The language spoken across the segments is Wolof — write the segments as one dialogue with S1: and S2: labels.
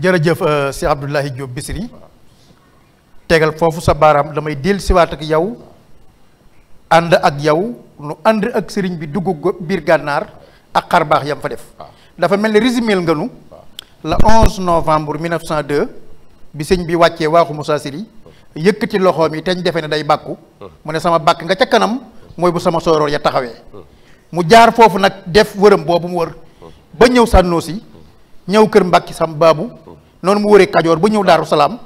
S1: jërëjëf euh, Cheikh Abdoulaye Diop Bichri tegal foofu sa baaraam damay dellu siwaat ak yow ànd ak yow nu ànd ak sëriñ bi dugg biir gànnaar ak xar baax yam fa def dafa mel ni résumel nga nu la 11 novembre 1902 bi sëñ bi wàccee waaxu Moussa Sili yëkkati loxoom yi teñ defe na day bàkku mu ne sama bàkk nga ca kanam mooy bu sama sooroor ya taxawee mu jaar foofu nag def wërëm boobu mu wër ba ñëw sànnoo si ñëw kër mbakki sam baabu noonu mu wëree Kajoor ba ñëw Daaru Salaam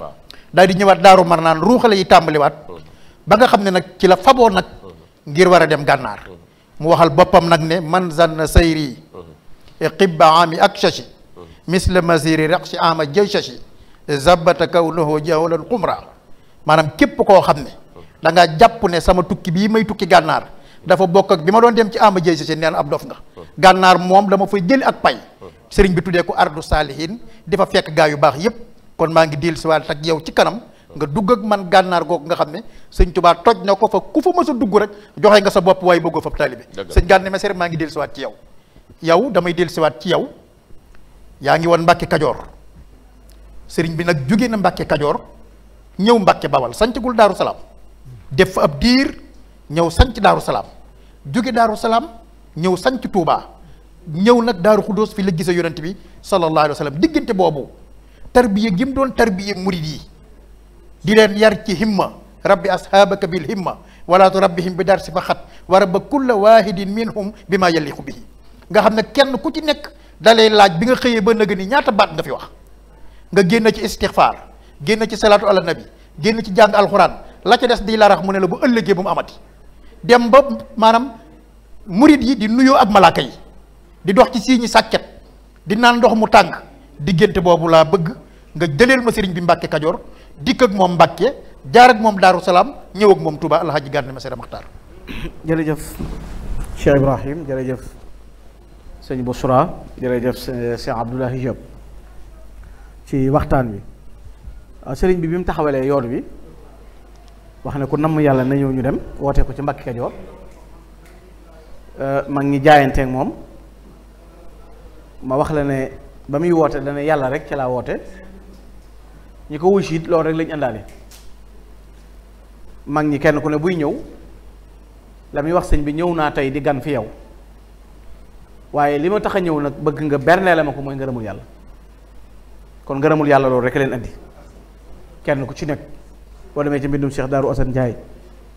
S1: daal di ñëwaat Daaru Marnaan ruuxale yi tàmbaliwaat ba nga xam ne nag ci la faboo nag ngir war a dem gànnaar mu waxal boppam nag ne man zanna sayri e xibba ami ak shashi misla masiri raqsi ama jay shashi zabata kawnahu jawlan xumra maanaam képp koo xam ne da ngaa jàpp ne sama tukki bii may tukki gànnaar dafa bokk ak bi ma doon dem ci ama jay shashi neen ab dof nga gànnaar moom dama fay jëli ak pay sëriñ bi tuddee ko ardu saalihin di fa fekk gaa yu baax yépp kon maa ngi dellu si ak yow ci kanam nga dugg ak man gànnaar googu nga xam ne sëñ Tuubaa toj na ko fa ku fa mës a dugg rek joxe nga sa bopp waaye bëggoo fa taalibe sëñ gànne mesere maa ngi dellu si waat ci yow yow damay dellu si ci yow yaa ngi woon Mbàkke Kajoor sëriñ bi nag jóge na Mbàkke Kajoor ñëw Mbàkke Bawal sancagul Daaru Salaam def fa ab diir ñëw sanc Daaru Salaam jóge Daaru Salaam ñëw sanc Tuubaa ñëw nag daaru xudóos fi la gise yonent bi sallallahu alayhi wa diggante boobu tarbiya gi mu doon tarbiya murid yi di leen yar ci himma rabbi ashaabaka bil himma wala turabbihim bi dar si fa xat wa rabba kulla waahidin minhum bi ma yaliqu bihi nga xam ne kenn ku ci nekk da laaj bi nga xëyee ba nëgë ni ñaata baat nga fi wax nga génn ci istixfaar génn ci salaatu ala nabi génn ci jàng alxuraan la ca des di larax mu ne la bu ëllëgee bu mu amati dem ba maanaam murid yi di nuyoo ak malaaka yi di dox ci sii sàkket di naan ndox mu tàng diggante boobu laa bëgg nga jëleel ma sëriñ bi Mbàkke Kajoor dikk ak moom Mbàkke jaar ak moom Daaru Salaam ñëw ak moom Touba Alhaji Gana Messere Maxtaar jërëjëf
S2: Cheikh Ibrahim jërëjëf sëñ Boussra jërëjëf sëñ Abdoulahi Diop ci waxtaan bi ah, sëriñ bi bi mu taxawalee yoon wi wax ne ku namm yàlla na ñëw ñu dem woote ko ci Mbàkke Kajoor euh, mag ñi jaayanteeg moom ma wax la ne ba muy woote dana yàlla rek ci laa woote ñi ko wuy it loolu rek lañu àndaale mag ñi kenn ku ne buy ñëw la muy wax sëñ bi ñëw naa tey di gan fi yow waaye li ma tax a ñëw nag bëgg nga bernee la ma ko mooy ngërëmul yàlla kon ngërëmul yàlla loolu rek leen andi kenn ku ci nekk boo demee ci mbindum seex Darou Assane Ndiaye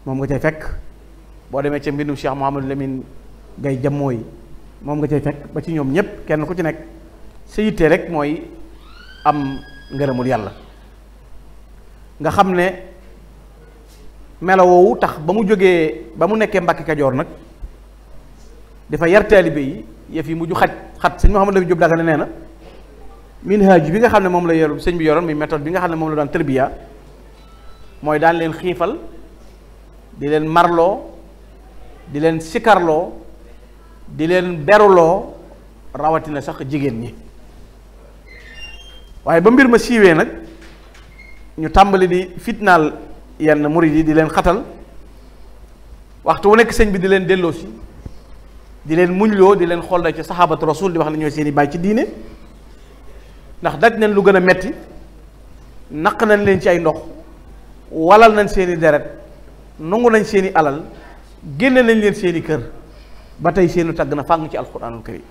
S2: moom nga ca fekk boo demee ci mbindum Cheikh Mouhamadou Lamine Gaye Jammooy moom nga cay fekk ba ci ñoom ñëpp kenn ku ci nekk sa yitte rek mooy am ngërëmul yàlla nga xam ne melowoowu tax ba mu jógee ba mu nekkee Mbàkke Kajoor nag dafa yar taalibe yi yëf yi mu ju xat xat sëñ Mouhamadou Lamine Diop Dagana nee na minhaaj bi nga xam ne moom la yor sëñ bi yoroon muy méthode bi nga xam ne moom la daan tërbiya mooy daan leen xiifal di leen marloo di leen sikarloo di leen beruloo rawatina sax jigéen ñi waaye ba mbir ma siiwee nag ñu tàmbali di fitnaal yenn murid yi di leen xatal waxtu wu nekk sëñ bi di leen delloosi di leen muñloo di leen xool ci saxaabatu rasul di wax ne ñooy seen ci diine ndax daj nañ lu gën a metti naq nañ leen ci ay ndox walal nañ seeni deret nangu nañ seeni alal génne nañ leen seeni kër ba tey seenu tagg na fàng ci alquranul karim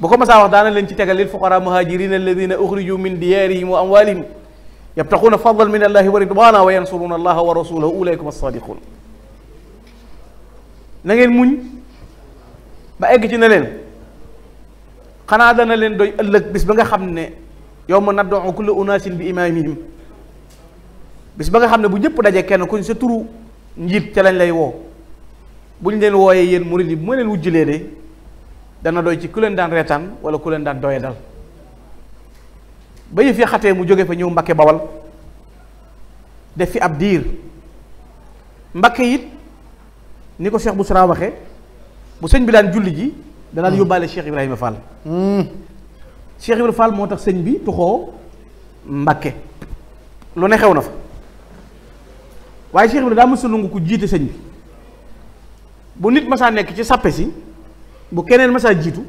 S2: bu ko masaa wax daana leen ci tegal lil fuqara muhajirina alladina uxriju min diyaarihim wa amwalihim yabtaxuuna fadlan min allahi wa ridwana wa yansuruna allaha wa rasulahu ulaykum asadiqun na ngeen muñ ba egg ci ne leen xanaa dana leen doy bis ba nga xam ne yawma nad'u kulla unaasin bi imaamihim bis ba nga xam ne bu ñëpp daje kenn kuñ sa turu njiit ca lañ lay woo bu ñu leen wooyee yéen murid yi bu ma leen wujjulee de dana doy ci ku leen daan reetaan wala ku leen daan doye dal ba yëf ya xatee mu jóge fa ñëw Mbakke babal def fi ab diir Mbakke yit ni ko Cheikh bu waxee bu sëñ bi daan julli ji danaa hmm. yóbbaale Cheikh Ibrahima Fall hmm. Cheikh Ibrahima Fall moo tax sëñ bi tuxoo Mbakke lu ne xew na fa waaye Cheikh Ibrahima daa mësa nangu ku jiite sëñ bi bu nit masaa nekk ci sàppe si bu keneen masaa jiitu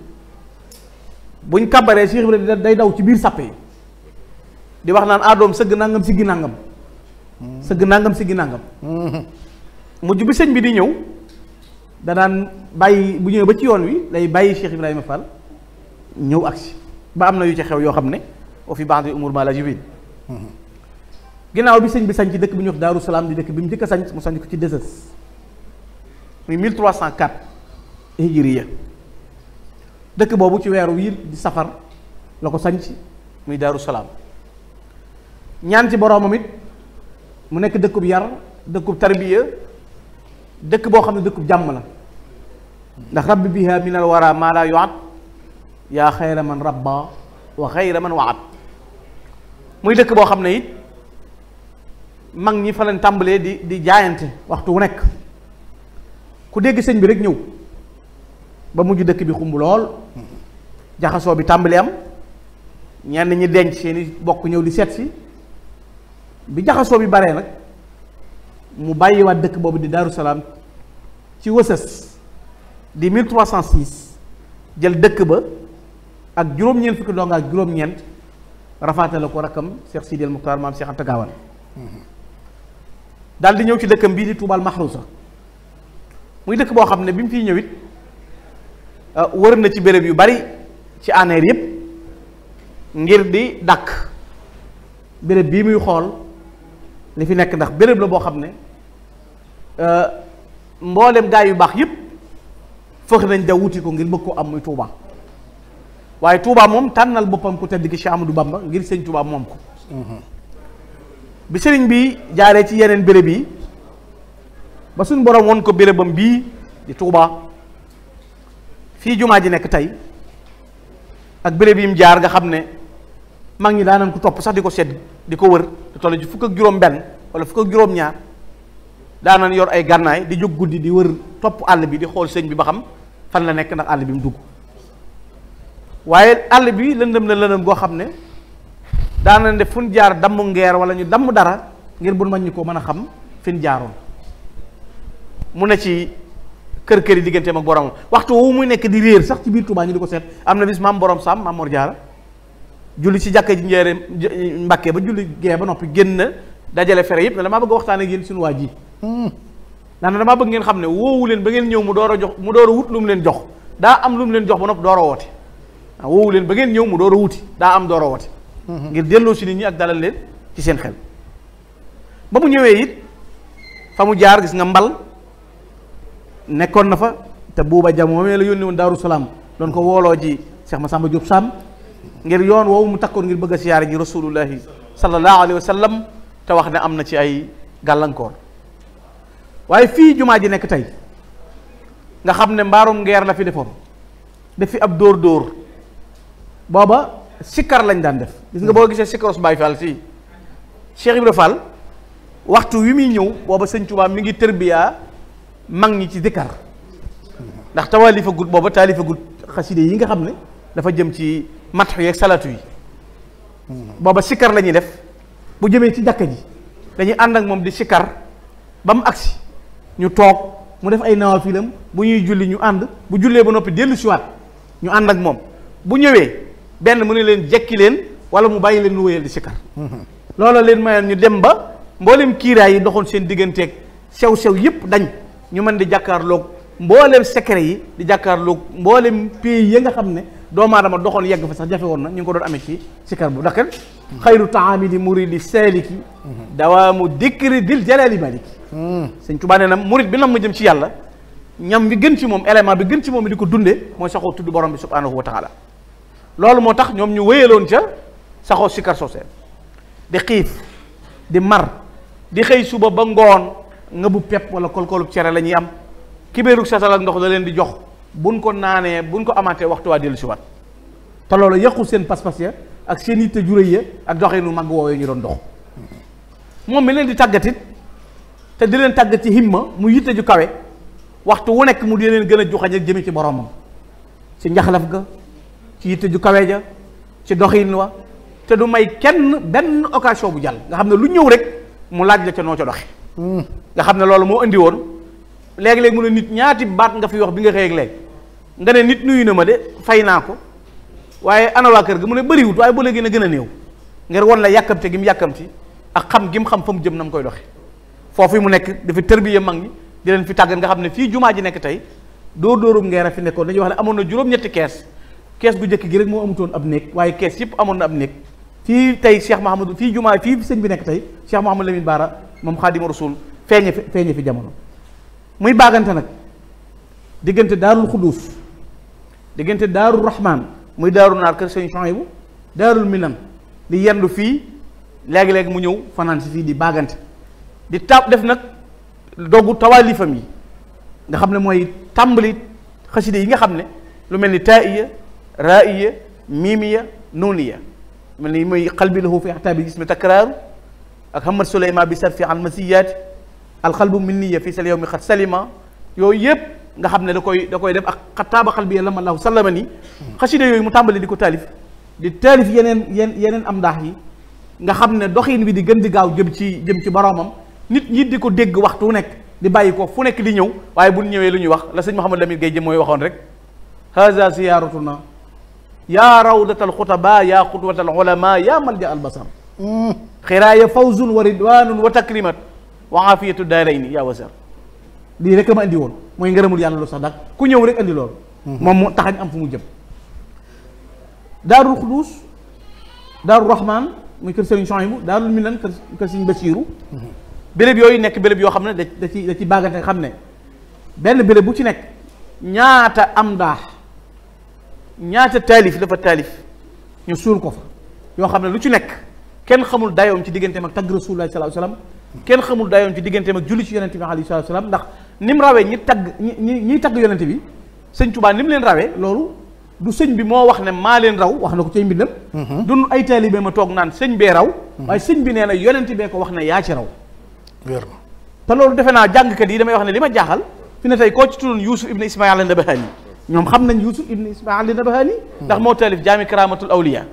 S2: buñ kàbbaree Cheikh Ibrahima day daw ci biir sàppe di wax naan aadoom ah, sëgg nangam si nangam sëgg nangam siggi nangam mm-hmm. mujj bi sëñ bi di ñëw da daan bàyyi bu ñëwee ba ci yoon wi lay bàyyi Cheikh Ibrahima Fall ñëw agsi ba am na yu ci xew yoo xam ne au fi baax na umur maa la jibin mm-hmm. bi sëñ bi sañ ci dëkk bi ñuy wax Daaru di dëkk bi mu njëkk sañ mu sañ ko ci dësës muy cent 1304 hijriya dëkk boobu ci weeru wii di safar la ko sanc muy daaru salaam ñaan ci boroomam it mu nekk dëkku dëkkub yar dëkkub tarbiya dëkk boo xam ne dëkkub jàmm la ndax rabbi biha min al wara maa laa yuat yaa xayra man rabba wa xayra man waat muy dëkk boo xam ne it mag ñi fa leen tàmbalee di di jaayante waxtu wu nekk ku dégg sëñ bi rek ñëw ba mujj dëkk bi xumb lool jaxasoo bi tàmbali am ñenn ñi denc seeni bokk ñëw li seet si bi jaxasoo bi baree nag mu bàyyi bàyyiwaat dëkk boobu di Daaru Salaam ci wësës di 1306 jël dëkk ba ak juróom-ñeent fukki donga ak juróom-ñeent rafaatale ko rakkam Cheikh Sidi El Moukhtar maam Cheikh Anta Gaawaan
S1: mm-hmm.
S2: daal di ñëw ci dëkkam bii di Tuubal sax muy dëkk boo xam ne bi mu fiy ñëwit euh, wër na ci béréb yu bari ci aneer yépp ngir di dàkk béréb bii muy xool li fi nekk ndax béréb la boo xam ne euh, mboolem gaay yu baax yépp fëx nañ da wuti ko ngir bëgg ko am muy Touba waaye Touba moom tànnal boppam ku tedd ki Cheikh Amadou Bamba ngir sëñ Touba moom ko mm-hmm. bi sëriñ bi jaaree ci yeneen béréb yi ba suñ borom won ko bérébam bii di Touba fii jumaa ji nekk tey ak béréb yim jaar nga xam ne mag ñi daanan ko topp sax di ko sedd di ko wër di fukk ak wala fukk ak juróom yor ay gànnaay di jóg guddi di wër topp àll bi di xool sëñ bi ba xam fan la nekk ndax àll bi mu dugg waaye àll bi lëndëm na lëndëm goo xam ne daanan def fu jaar damm ngeer wala ñu damm dara ngir bu mañ ñu ko mën a xam fi ñu mu ne ci kër kër yi digganteem ak borom waxtu woowu muy nekk di réer sax ci biir Touba ñu di ko seet am na bis maam borom Sam maam Mor julli ci jàkka ji njeere Mbàkke ba julli gee ba noppi génn dajale fere yëpp ne damaa bëgg waxtaan ak yéen suñu waa ji hmm. ndax damaa bëgg ngeen xam ne woowu leen ba ngeen ñëw mu door a jox mu door a wut lu mu leen jox daa am lu mu leen jox ba nopp door a woote waaw leen ba ngeen ñëw mu door a wuti daa am door a woote hmm. ngir delloo si nit ñi ak dalal leen ci seen xel ba mu ñëwee it fa mu gis nga mbal nekkoon na fa te buuba jam moomee la yónni woon daaru salaam doon ko wooloo ji ma Massamba Diop Sam ngir yoon woowu mu takkoon ngir bëgg a siyaare ji rasulullahi sallallahu alayhi wa sallam te wax ne am na ci ay gàllankoor waaye fii jumaa ji nekk tey nga xam ne mbaarum ngeer la fi defoon def fi ab dóor dóor booba sikkar lañ daan def gis nga boo gisee sikkaros Baay Faal si Cheikh Ibra Fall waxtu wi muy ñëw booba sëñ Tuubaa mi ngi tërbiyaa mag ñi ci zikkar ndax tawaalifa gut booba taalifa gut xaside yi nga xam ne dafa jëm ci matxu yeeg salatu yi booba sikkar lañuy def bu jëmee ci jàkka ji dañuy ànd ak moom di sikkar ba mu agsi ñu toog mu def ay nawafilam bu ñuy julli ñu ànd bu jullee ba noppi dellu siwaat ñu ànd ak moom bu ñëwee benn mu ne leen jekki leen wala mu bàyyi leen lu wéyal di sikkar loola leen mayoon ñu dem ba mboolem kiiraay yi doxoon seen digganteeg sew-sew yépp dañ ñu man di jàkkaarloog mboolem secret yi di jàkkaarloog mboolem pays yi nga xam ne doomu aadama doxoon yegg fa sax jafe woon na ñu ngi ko doon amee ci sikar bu dakkan xayru taami di muridi saaliki dawaamu dikri dil jalaali maliki hmm. sëñ Tuubaa nee na murid bi nam ma jëm ci yàlla ñam bi gën ci moom élément bi gën ci moom di ko dunde mooy saxoo tudd borom bi subhanahu wa taala loolu moo tax ñoom ñu wéyaloon ca saxoo sikar sooseen di xiif di mar di xëy suba ba ngoon nga bu pepp wala kolkolub cere la ñuy am kibéerug seetal ak ndox da leen di jox buñ ko naanee buñ ko amaatee waxtu waa dellu si waat te loolu yàqu seen pas-pas ya ak seen yitte juróy ya ak doxinu mag woowee ñu doon dox moom mi leen di tàggatit te di leen tàggat ci himma mu yitte ju kawe waxtu wu nekk mu di leen gën a joxañ ak jëme ci boromam ci njaxlef ga ci yitte ju kawe ja ci doxin wa te du may kenn benn occasion bu jàll nga xam ne lu ñëw rek mu laaj la ca noo ca doxe nga xam ne loolu moo indi woon léegi-léegi mu ne nit ñaati baat nga fi wax bi nga xëy ak léegi nga ne nit nuyu na ma de fay naa ko waaye ana waa kër gi mu ne bëriwut waaye ba léegi na gën a néew ngir won la yàkkamte gi mu yàkkamti ak xam gi mu xam fa mu jëm na mu koy doxe foofu mu nekk dafa tërbiye mag ñi di leen fi tàggat nga xam ne fii jumaa ji nekk tey dóor dóorum ngeer a fi nekkoon dañuy wax ne amoon na juróom-ñetti kees kees gu njëkk gi rek moo amutoon ab néeg waaye kees yëpp amoon na ab néeg fii tey Cheikh Mahamadou fii jumaa fii sëñ bi nekk tey Cheikh Mahamadou Lamine Bara moom xaadimu rasul feeñe fi feeñe fi jamono muy bàggante nag diggante daarul xuduus diggante daarul rahmaan muy daaru naar kër sëñ Chouaïbou daarul minan di yendu fii léegi-léegi mu ñëw fanaan si fii di bàggante di tab def nag doggu tawaalifam yi nga xam ne mooy tàmbali xaside yi nga xam ne lu mel ni taiya raiya miimiya nooniya mel ni mooy xalbi lahu fi axtaabi gis mi takraaru ak hamad suleyma bi sarfi an masiyaati alxalbu minniya fii sal yawmi xat salima yooyu yëpp nga xam ne da koy da koy def ak xataaba xal bi lama laahu sallama ni xasida yooyu mu tàmbali di ko taalif di taalif yeneen yeneen yeneen am ndaax yi nga xam ne doxin bi di gën di gaaw jëm ci jëm ci boroomam nit ñi di ko dégg waxtu nekk di bàyyi ko fu nekk di ñëw waaye bu ñëwee lu ñuy wax la sëñ Mouhamadou Lamine Gueye jëm mooy waxoon rek haza ziyaaratuna yaa rawdatal xutaba yaa xutwatal ulama yaa malja albasar xiraaya fawzun wa ridwanun wa takrimat wa afiyatu daarayni yaa wasar lii rek a ma indi woon mooy ngërëmul yàlla lu sax daal ku ñëw rek indi loolu mhm. moom mu taxañ am fu mu jëm daarul xudus daarul rahman muy kër sëriñ Chouaïbou daarul minan kër kër Basiiru mhm. béréb yooyu nekk béréb yoo xam ne da da ci da ci xam ne benn béréb bu ci nekk ñaata am daax ñaata taalif dafa taalif ñu suul ko fa yoo xam ne lu ci nekk kenn xamul dayoom ci digganteem ak tagg rasulullahi sallallahu alayhi wasallam kenn xamul dayoom ci digganteem ak julli ci yonente bi alayhi salatu wasallam ndax ni mu ñi tagg ñi ñiy tagg yonente bi sëñ Tuubaa ni mu leen rawee loolu du sëñ bi moo wax ne maa leen raw wax na ko cay mbindam mm-hmm. dun ay taalibe ma toog naan sëñ bee raw mm-hmm. waaye sëñ bi nee na yonente bee ko wax ne yaa ci raw te loolu defe naa jàngkat yi damay wax ne li ma jaaxal fi ne tey koo ci tuddoon Yuusuf ibne Ismaayil an-Nabahani xam nañ Yuusuf ibne Ismaayil mm-hmm. ndax moo taalif jaami karaamatul awliya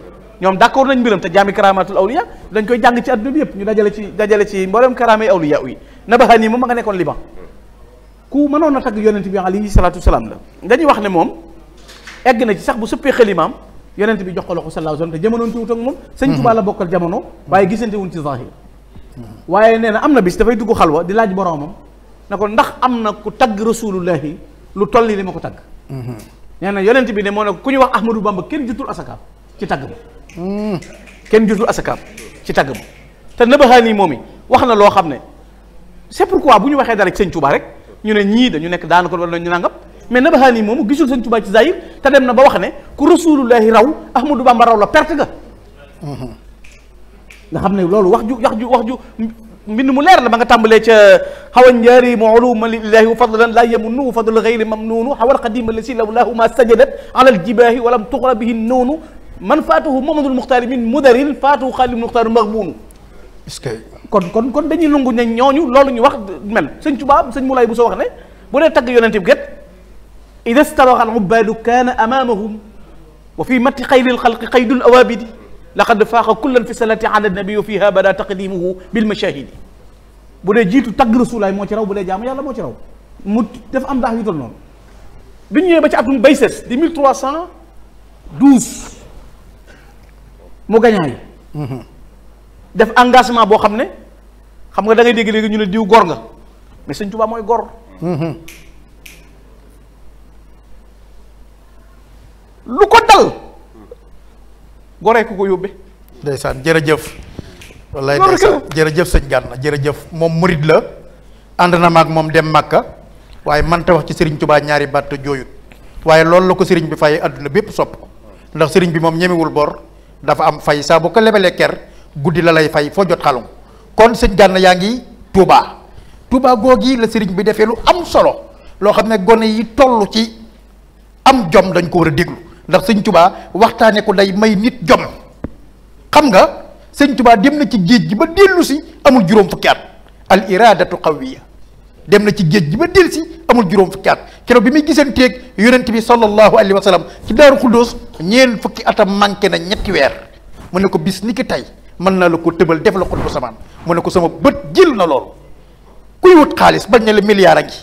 S2: ñoom d'accord nañ mbiram te jaami karamatul awliya dañ koy jàng ci adduna bi yëpp ñu dajale ci dajale ci mboolem karaamay awliya yi Nabahani moom ma nga nekkoon Liban ku mënoon a tagg yonent bi alayhi salaatu wasalaam la wax ne moom egg na ci sax bu sëppee xalimaam yonent bi jox ko loxo sallallahu alayhi wasallam te jamonoon ci wut ak moom mhm. sëñ Tuubaa la bokkal jamono waaye gisante wuñ ci nee na am na bis dafay dugg xalwa di laaj boroomam na ko ndax am na ku tagg rasulullahi lu toll li ma ko tagg mhm. nee na yonent bi ne moo ne ku ñu wax Ahmadou Bamba kenn jutul asaka ci tagg ba Hmm. kenn jotul asakaam ci tàggam te Nabahaani moom i wax na loo xam ne c'est pourquoi bu ñu waxee dara ci sëñ rek ñu ne ñii dañu nekk daanaka wala ñu nangam mais Nabahaani moom gisul sëñ Touba ci zahir te dem na ba wax ne ku rasulullahi raw Ahmadou Bamba raw la pert ga hmm. nga xam ne loolu wax ju wax ju wax ju mbind mu leer la ba nga tàmbalee ca xawa njaari mu uluma lillahi wa fadlan la yamunnu fadlu gayri mamnunu xawal qadima lasi law lahu ma sajadat ala aljibahi walam tuqra bihi noonu man faatuhu mamadul muxtaari min mudaril faatuhu xaalil muxtaari maxbuunu est-ce que kon kon kon dañuy lungu ne ñooñu loolu ñu wax mel sëñ Tuubaa sëñ Mulaay bu soo wax ne bu dee tagg yonent bi gët ida staraxa al ubaadu kaana amaamahum wa fii matti xayril xalqi xaydul awaabidi laqad faaxa kullan fi salati ala nabi wa fiha bada taqdimuhu bil mashahidi bu dee jiitu tagg rasulaay moo ci raw bu dee jaamu yàlla moo ci raw mu def am daax yu toll noonu bi ñu ñëwee ba ci atum bayses di mille trois cent douze mu gañaa yi mhm. def engagement boo xam ne xam nga dangay ngay dégg léegi ñu ne diw gor nga mais sëñ Tuubaa mooy gor
S3: mhm.
S1: lu ko dal goree ku ko yóbbe ndeysaan jërëjëf wallaay ndeysaan jërëjëf sëñ Gana jërëjëf moom murid la ànd na maag moom dem Màkka waaye manta wax ci sëriñ Tuubaa ñaari baat jooyut waaye loolu la ko sëriñ bi fay àdduna bépp sopp ndax sëriñ bi moom ñemewul bor dafa am fay saa boo ko lebalee ker guddi la lay fay foo jot xalu kon sëñ Gana yaa ngi Touba Touba googi la sëriñ bi defee lu am solo loo xam ne gone yi toll ci am jom dañ ko war a déglu ndax sëñ Touba waxtaanee ko day may nit jom xam nga sëñ Touba dem na ci géej gi ba dellu si amul juróom fukki at al iradatu qawiya dem na ci géej bi ma del si amul juróom fukki at keroog bi muy gisanteeg yonent bi sallallahu alayhi wa sallam ci daaru xuddoos ñeen fukki atam manqué na ñetti weer mu ne ko bis ni ki tey mën naa la ko tëbal def la xutbu samaan mu ne ko sama bët jël na loolu kuy wut xaalis bañ ne la milliard a ngi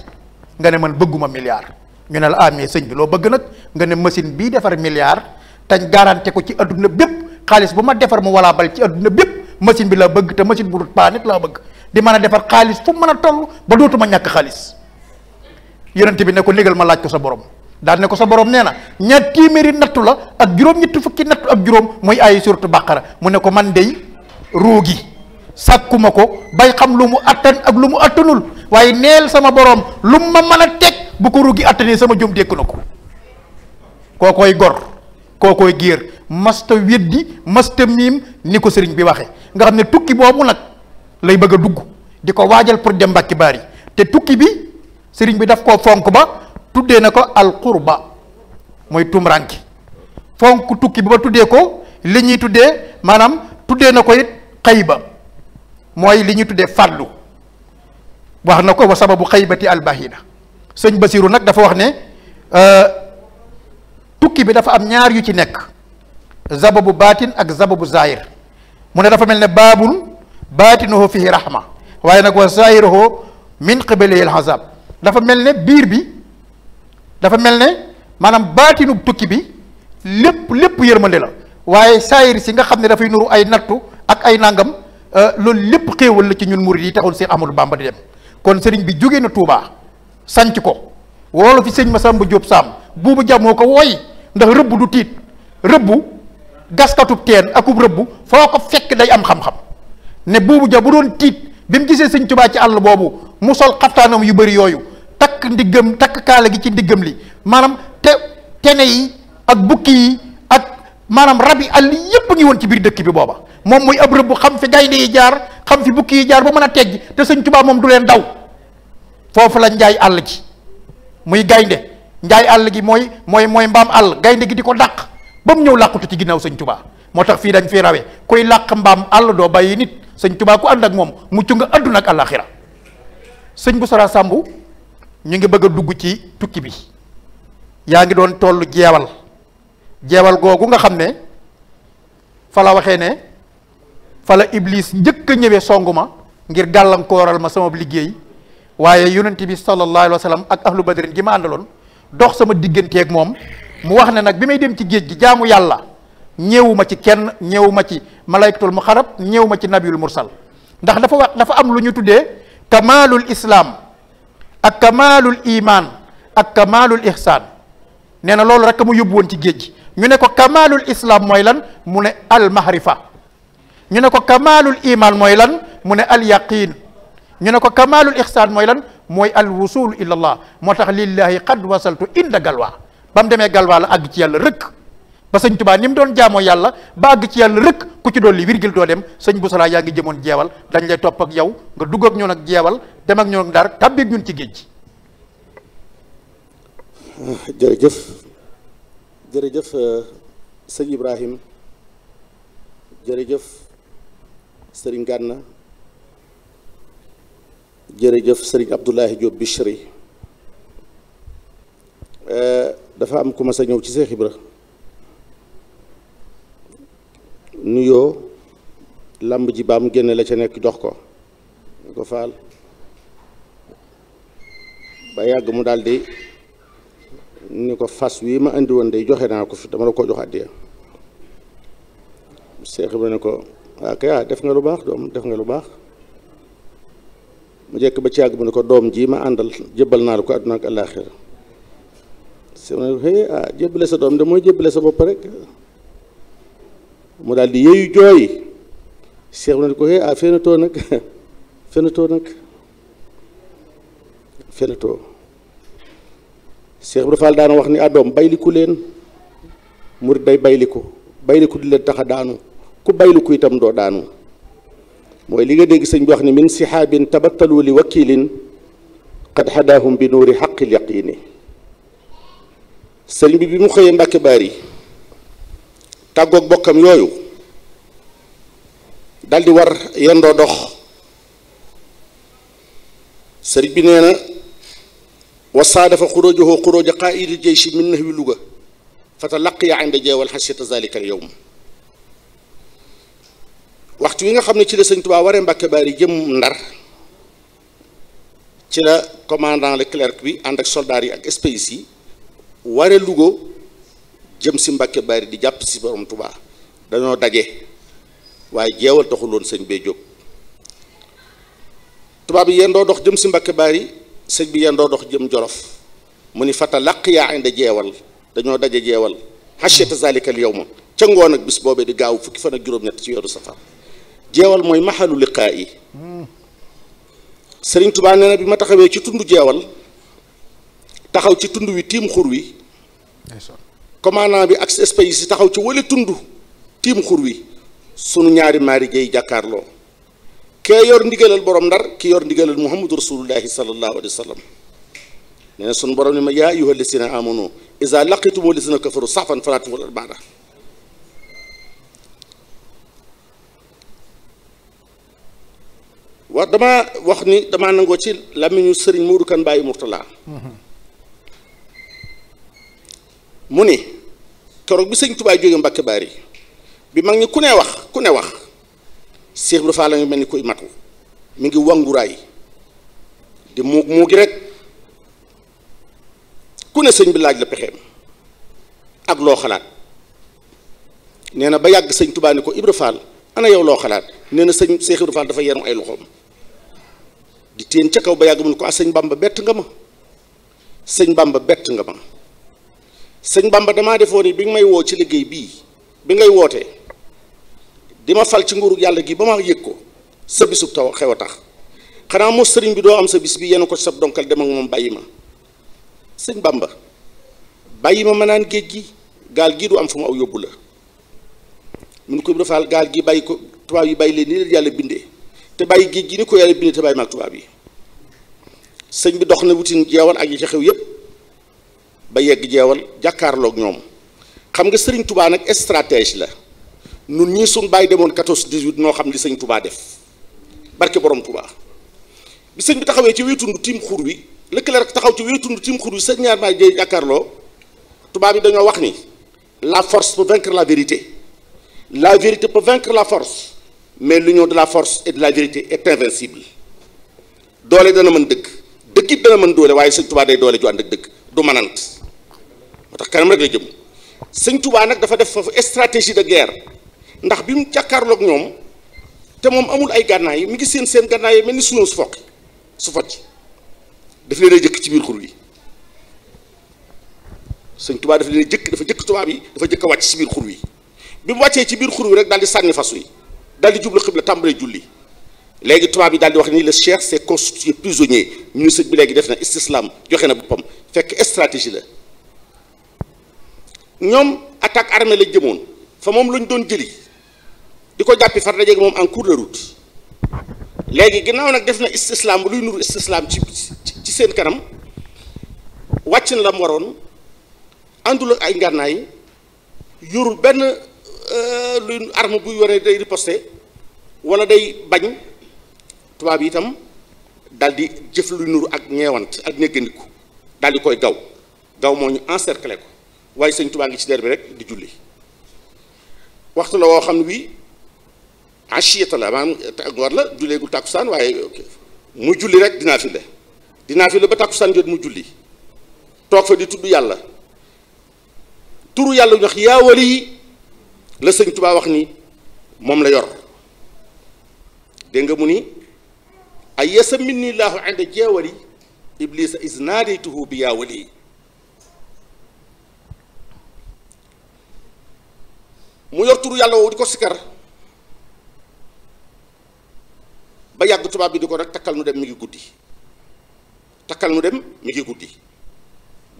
S1: nga ne man bëgguma milliard ñu ne la amee ah, sëñ bi loo bëgg nag nga ne machine bii defar milliard tañ gaarante ko ci adduna bépp xaalis bu ma defar mu walaa bal ci adduna bépp machine bi laa bëgg te machine bu dul laa bëgg li man a defar xaalis fu mu mën a toll ba dootuma ñàkk xaalis yonent bi ne ko négal ma laaj ko sa borom daal ne ko sa borom nee na ñaar nattu la ak juróom-ñetti fukki nattu ak juróom mooy ay suratu bàqara mu ne ko man dey ruugi sàkkuma ko bay xam lu mu attan ak lu mu attanul waaye neel sama borom lu ma man a teg bu ko ruugi attanee sama jom dékk na ko kookoy gor kookoy géer masta weddi masta miim ni ko sëriñ bi waxe nga xam ne tukki boobu nag lay bëgg a dugg di ko waajal pour dem mbàkki baar yi te tukki bi sëriñ bi daf koo fonk ba tuddee na ko alqurba mooy tumranki fonk tukki bi ba tuddee ko li ñuy tuddee maanaam tuddee na ko it xayba mooy li ñuy tuddee fàllu wax na ko wa sababu xaybati albahina sëñ Basiru nag dafa wax ne euh, tukki bi dafa am ñaar yu ci nekk zababu baatin ak zababu zaahir mu ne dafa mel ne baabul baatinuhu fi rahma waaye nag wa zaahiruhu min qibalihi al-azab dafa mel ne biir bi dafa mel ne maanaam baatinu tukki bi lépp lépp yërmande la waaye saayir si nga xam ne dafay nuru ay nattu ak ay nangam euh, loolu lépp xéewal la ci ñun murid yi taxul si Ahmadou Bamba di dem kon sëriñ bi jóge na Touba sanc ko woolu fi sëñ Masamba Diop saam buubu jàmmoo ko wooy ndax rëbb du tiit rëbb gaskatub teen akub rëbb foo ko fekk day am xam-xam ne buubu ja bu doon tiit bi mu gisee sëñ tubaa ci àll boobu mu sol xaftaanam yu bari yooyu takk ndiggam takk kaala gi ci ndiggam li maanaam te tene yi ak bukki yi ak maanaam rab yi àll yépp ngi woon ci biir dëkk bi booba moom muy ab rëbb xam fi gaynde yi jaar xam fi bukki yi jaar ba mën a teggi te sëñ tubaa moom du leen daw foofu la njaay àll gi muy gaynde njaay àll gi mooy mooy mooy mbaam àll gaynde gi di ko dàq ba mu ñëw làqutu ci ginnaaw sëñ tubaa moo tax fii dañ fi rawe kuy làq mbaam àll doo bàyyi nit sëñ tubaa ku ànd ak moom mucc nga àdduna ak àllaaxira sëñ bu sara sàmbu ñu ngi bëgg dugg ci tukki bi yaa ngi doon tollu jeewal jeewal googu nga xam ne fala la waxee ne fala la iblis njëkk a ñëwee songu ma ngir gàllankooral ma sama liggéey waaye yonent bi sallallahu alayhi wa sallam ak ahlu badrin gi ma àndaloon dox sama digganteeg moom mu wax ne nag bi may dem ci géej gi jaamu yàlla ñëwuma ci kenn ñëwuma ci malaykatul muxarab ñëwuma ci nabiyul mursal ndax dafa wax dafa am lu ñu tuddee kamalul islaam ak kamalul iman ak kamalul ihsaan nee na loolu rek mu yóbbu woon ci géej gi ñu ne ko kamalul islaam mooy lan mu ne al ñu ne ko kamalul iman mooy lan mu ne al yaqin ñu ne ko kamalul ihsaan mooy lan mooy al wusul ila allah moo tax lillahi qad wasaltu inda galwaa ba mu demee galwaa la àgg ci yàlla rëkk ba sëñ tubaa ni mu doon jaamoo yàlla ba àgg ci yàlla rek ku ci dolli virgule doo dem sëñ Boussoula yaa ngi jëmoon jeewal dañ lay topp ak yow nga dugg ak ñun ak jeewal dem ak ñun ak ndar tàbbi ak ñun ci géej
S3: gi. jërëjëf euh, sëñ Ibrahim jërëjëf sëriñ Gànna jërëjëf sëriñ Abdoulahi Diop Bichri euh, dafa am ku ma sa ñëw ci Seex Ibra nuyoo làmb ji baam génne la ca nekk jox ko ñu ko faal ba yàgg mu daal di ni ko fas wi ma indi woon day joxe naa ko fi dama la koo jox àddiya Seex Ibra ne ko waa ah, ah, def nga lu baax doom def nga lu baax mu jekk ba ci yàgg mu ne ko doom ji ma àndal jébbal naa la ko àdduna ak àllaaxira Seex Ibra ne ko ah jébbale sa doom de mooy jébbale sa bopp rek mu daal di yeeyu jooy Cheikh bi na ko eh ah fenatoo nag fenatoo nag fenatoo Cheikh Ibra daan wax ni adoom ah, bayliku leen murit day bayliku bayliku di leen tax a daanu ku bayliku itam doo daanu mooy li nga dégg sëñ bi wax ni min sihaabin tabattalu li wakilin qad hadaahum bi nuuri xaqil yaqiini sëñ bi bi mu xëyee mbàkke baar yi tàggoog bokkam yooyu di war yendoo dox sëriñ bi nee na wasaadafa xuróojohoo xuróoja qaa'idi jeyshi min nahwi luga fatalaqiya inda jeewal xasiyata zalika al yowm waxtu yi nga xam ne ci la sëñ Tuubaa waree Mbàkke Baari jëm Ndar ci la commandant Leclerc bi ànd ak soldats yi ak espèces yi ware Lugo jëm si Mbàkke Bari di jàpp si borom tubaa dañoo daje waaye jeewal taxul woon sëñ bee jóg tubaab yi yendoo dox jëm si Mbàkke Bari sëñ bi yendoo dox jëm Jolof mu ni fata làq yaa inde jeewal dañoo daje jeewal hacheta zalikal yow ma ca ngoon ak bis boobee di gaaw fukki fan ak juróom-ñett ci yoru safar jeewal mooy maxalu liqaa yi sëriñ tubaa nee na bi ma taxawee ci tund jeewal taxaw ci tund wi tiim xur wi commandant bi ak espace yi taxaw ci wala tund tiim xur wi sunu ñaari maari jey jàkkaarloo kee yor ndigalal borom ndar ki yor ndigalal muhammadu rasulullahi sallallahu alayhi wa sallam nee ma yaa ayyuha llazina wax ni dama nangoo ci làmmiñu sëriñ Moodu Kan Baay Murtala mhm. mu ni keroog bi sëñ tubaay jóge Mbàkke Baari bi mag ñi ku ne wax ku ne wax Seex Ibra Faal mel ni koy matu mi ngi wànguraay di muug muugi rek ku ne sëñ bi laaj la pexeem loo xalaat nee na ba yàgg sëñ tubaa ko Ibra Faal yow loo xalaat nee na sëñ Seex Ibra dafa yerum ay loxoom di téen ca kaw ba yàgg mu ko ah sëñ Bàmba bett nga ma sëñ Bàmba bett nga ma sëñ Bamba damaa defoo ni bi nga may woo ci liggéey bii bi ngay wootee di ma fal ci nguuru yàlla gi ba ma yëg ko sa bisub taw xew a tax xanaa moo sëriñ bi doo am sa bis bi yenn ko ci sab donkal dem moom bàyyi ma sëñ Bamba bàyyi ma ma naan géej gi gaal gii du am fu mu aw yóbbu la mun ko defal gaal gi bàyyi ko tubaab yi bàyyi leen ni leen yàlla bindee te bàyyi géej gi ni ko yàlla bindee te bàyyi maag tubaab yi sëñ bi dox na wutin jeewan ak yi ca xew yépp ba yegg jeewal jàkkaarlook ñoom xam nga sëriñ tubaa nag stratège la nun ñii suñ bàyyi demoon 14 18 noo xam li sëñ tubaa def barke borom tubaa bi sëñ bi taxawee ci wéetund tiim xur wi lëkkale rek taxaw ci wéetund tiim xur wi sëñ ñaar maay jëy jàkkaarloo tubaa bi dañoo wax ni la force peut vaincre la vérité la vérité peut vaincre la force mais lu ñoo de la force et de la vérité est invincible doole dana mën dëkk dëggit dana mën doole waaye sëñ tubaa day doole ju ànd ak dëgg du manant tax kanam rek la jëm sëñ tubaa nag dafa def foofu stratégie de guerre ndax bi mu jàkkaarloog ñoom te moom amul ay gànnaay mi ngi seen seen gànnaay mel ni sunu su fokk su focc daf leen a jëkk ci biir xur wi sëñ Touba daf leen jëkk dafa jëkk tubaab yi dafa jëkk a wàcc ci biir xur wi bi mu wàccee ci biir xur wi rek daal di sànni fas wi daal di jublu xibla tàmbalee julli léegi tubaab yi daal di wax ni le Cheikh s'est constitué prisonnier ministre bi léegi def na istislam joxe na boppam fekk stratégie la. ñoom attaque armée la jëmoon fa moom la ñu doon jëli di ko jàppi far dajeeg moom en cours de route léegi ginnaaw nag def na istislaam luy nuru istislaam ci ci seen kanam wàcc na la mu waroon àndul ay ngànnaay yorul benn euh, luy arme buy waree day riposter wala day bañ tubaab yi itam daal di jëf luy nuru ak ñeewant ak néggandiku daal di koy gaw gaw moo ñu encercler ko. waaye sëñ tubaa ngi ci der bi rek di julli waxtu la woo xam ne wii achiyata la maanaam ngoor la julleegul tàkkusaan waaye mu julli rek dinaa fi la dinaa fi la ba tàkkusaan jot mu julli toog fa di tudd yàlla turu yàlla ñu wax la sëñ tubaa wax ni moom la yor dégg nga mu ni ay ya min nii laahu inde jeewali iblisa isnaadaytuhu bi yaa mu yortu turu yàlla woo di ko sikar ba yàgg tubaab bi di ko nag takkal nu dem mi ngi guddi takkal nu dem mi ngi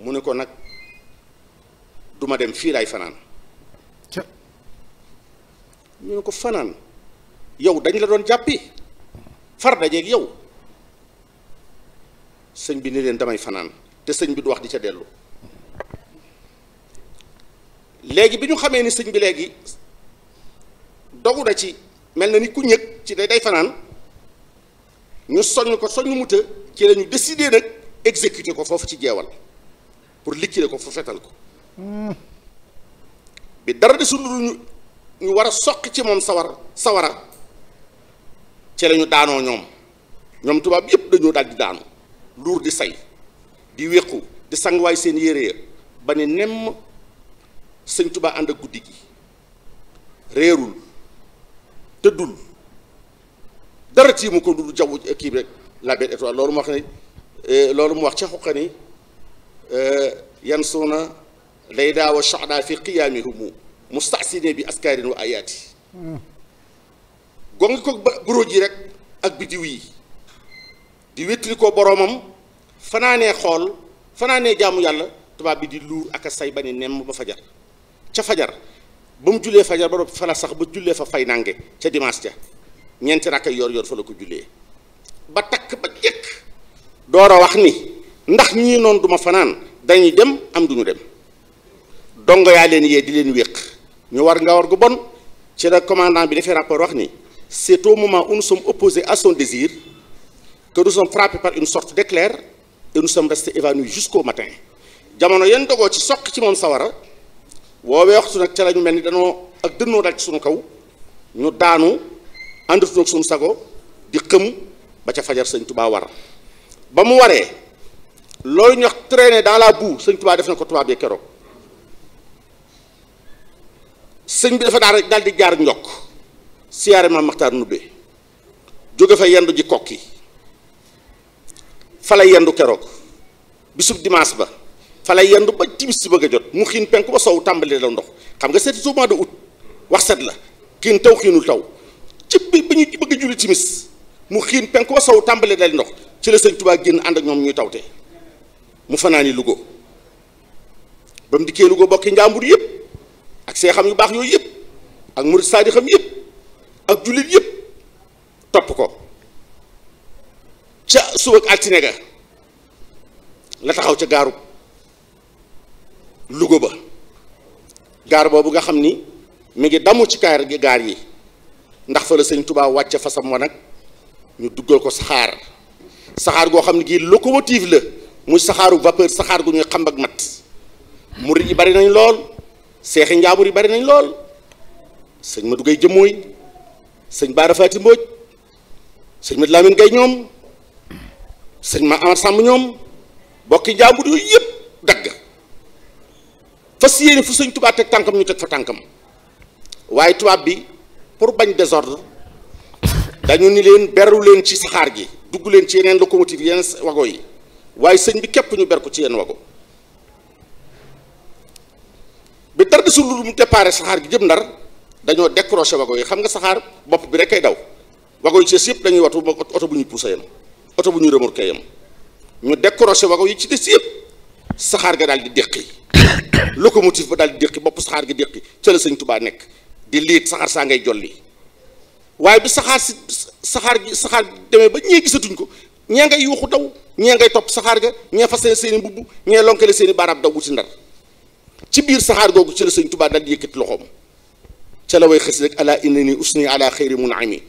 S3: mu ne ko nag duma dem fii laay fanaan ñu ne ko fanaan yow dañ la doon jàppi far dajeeg yow sëñ bi ni leen damay fanaan te sëñ bi du wax di ca dellu léegi bi ñu xamee ni sëñ bi léegi dogu na ci mel na ni ku ñëg ci day day fanaan ñu soññ ko soññ mu të ci lañu ñu décidé nag exécuter ko foofu ci jeewal pour liquider ko fu fetal ko hmm. bi dara desul ñu ñu war a soqi ci moom sawar sawara ci la ñu daanoo ñoom ñoom tubaab yépp dañoo daal di daanu luur di say di wéqu di sanguwaay seen yére ya ba ne nemm sëñ Tuubaa ànd ak guddi gi réerul tëddul dara ci mu ko du jaww kii rek la belle étoile loolu mu wax ne eh, loolu mu wax ca xuqa ni eh, yan suuna na daaw daawa soxdaa fi qiyaamihumu mustaasine bi askaarin wa ayaati gongi ko buróoj yi rek ak bidiw yi di wétli ko boroomam fanaanee xool fanaanee jaamu yàlla tubaab bi di luur ak a say bani nemm ba fajar ca fajar ba mu jullee fajar ba fa la sax ba jullee fa fay nange ca dimanche ja ñeenti rakk yor yor fa la ko jullee ba takk ba jëkk door a wax ni ndax ñii noonu duma fanaan dañuy dem am duñu dem dongo yaa leen yee di leen wéq ñu war nga war gu bon ci la commandant bi defee rapport wax ni c'est au moment où nous à son désir que nous sommes par une sorte d'éclair et nous sommes restés évanouis jusqu'au matin jamono yenn dogoo ci soq ci moom sawara woowee su nag ca lañu mel ni danoo ak dënnoo dal ci suñu kaw ñu daanu àndatuñu ak suñu sago di xëm ba ca fajar sëñ tubaa war ba mu waree loolu ñu wax traîner dans la boue sëñ tubaa def na ko tubaab keroog sëñ bi dafa daal rek daal di jaar njokk siyaare maam maxtaar nubbe jóge fa yendu ji kokki fa la yendu keroog bisub dimaas ba fa lay yendu ba timis si bëgg a jot mu xiin penku ba sow tàmbali la ndox xam nga seeti su mois de août wax set la xiin taw xiinul taw ci bi bi mu xiin penku ba sow tàmbali la ndox ci la sëñ Tuubaa génn ànd ak ñoom ñuy tawte mu fanaani Louga ba mu dikkee Louga bokki njàmbur yëpp ak seexam yu baax yooyu yëpp ak murit saadi xam yëpp ak jullit yëpp topp ko ca suba ak altine ga la taxaw ca gaarub Louga ba gaar boobu nga xam ni mu ngi damu ci kaar gi gaar yi ndax fa la sëñ Touba wàcce fasam wa nag ñu duggal ko saxaar saxaar goo xam ne gii locomotive la muy saxaaru vapeur saxaar gu ñu xam ak mat murit yi bari nañ lool seexi njaabur yi bari nañ lool sëñ Madou Gueye jëmmooy sëñ Bara Fati sëñ Madou Lamine Gueye ñoom sëñ ma Amar sàmm ñoom bokki njaabur yooyu yëpp dagg fas yéene fu sëñ Tuubaa teg tànkam ñu teg fa tànkam waaye tubaab bi pour bañ désordre dañu ni leen beru leen ci saxaar gi dugg leen ci yeneen locomotive yeneen wago yi waaye sëñ bi képp ñu ber ko ci yenn wago bi dara desul lu mu déparé saxaar gi jëm ndar dañoo décroché wago yi xam nga saxaar bopp bi rek ay daw wago yi ci des yëpp dañuy watu oto bu ñuy poussé yam oto bu ñuy remorqué yam ñu décroché wago yi ci des yëpp. saxaar ga daal di déqi locomotive ba daal di déqi bopp saxaar ga déqi ca la tubaa nekk di liit saxaar saa ngay jolli waaye bi saxaar si saxaar gi saxaar demee ba ñee gisatuñ ko ñee ngay yuuxu daw ñee ngay topp saxaar ga ñee fas seen i mbubb ñee lonkale seen i baaraab daw wuti ndar ci biir saxaar googu ci la sëñ tubaa daal di yëkkati loxoom ca la way xës rek ala inna ni usni ala xayri munami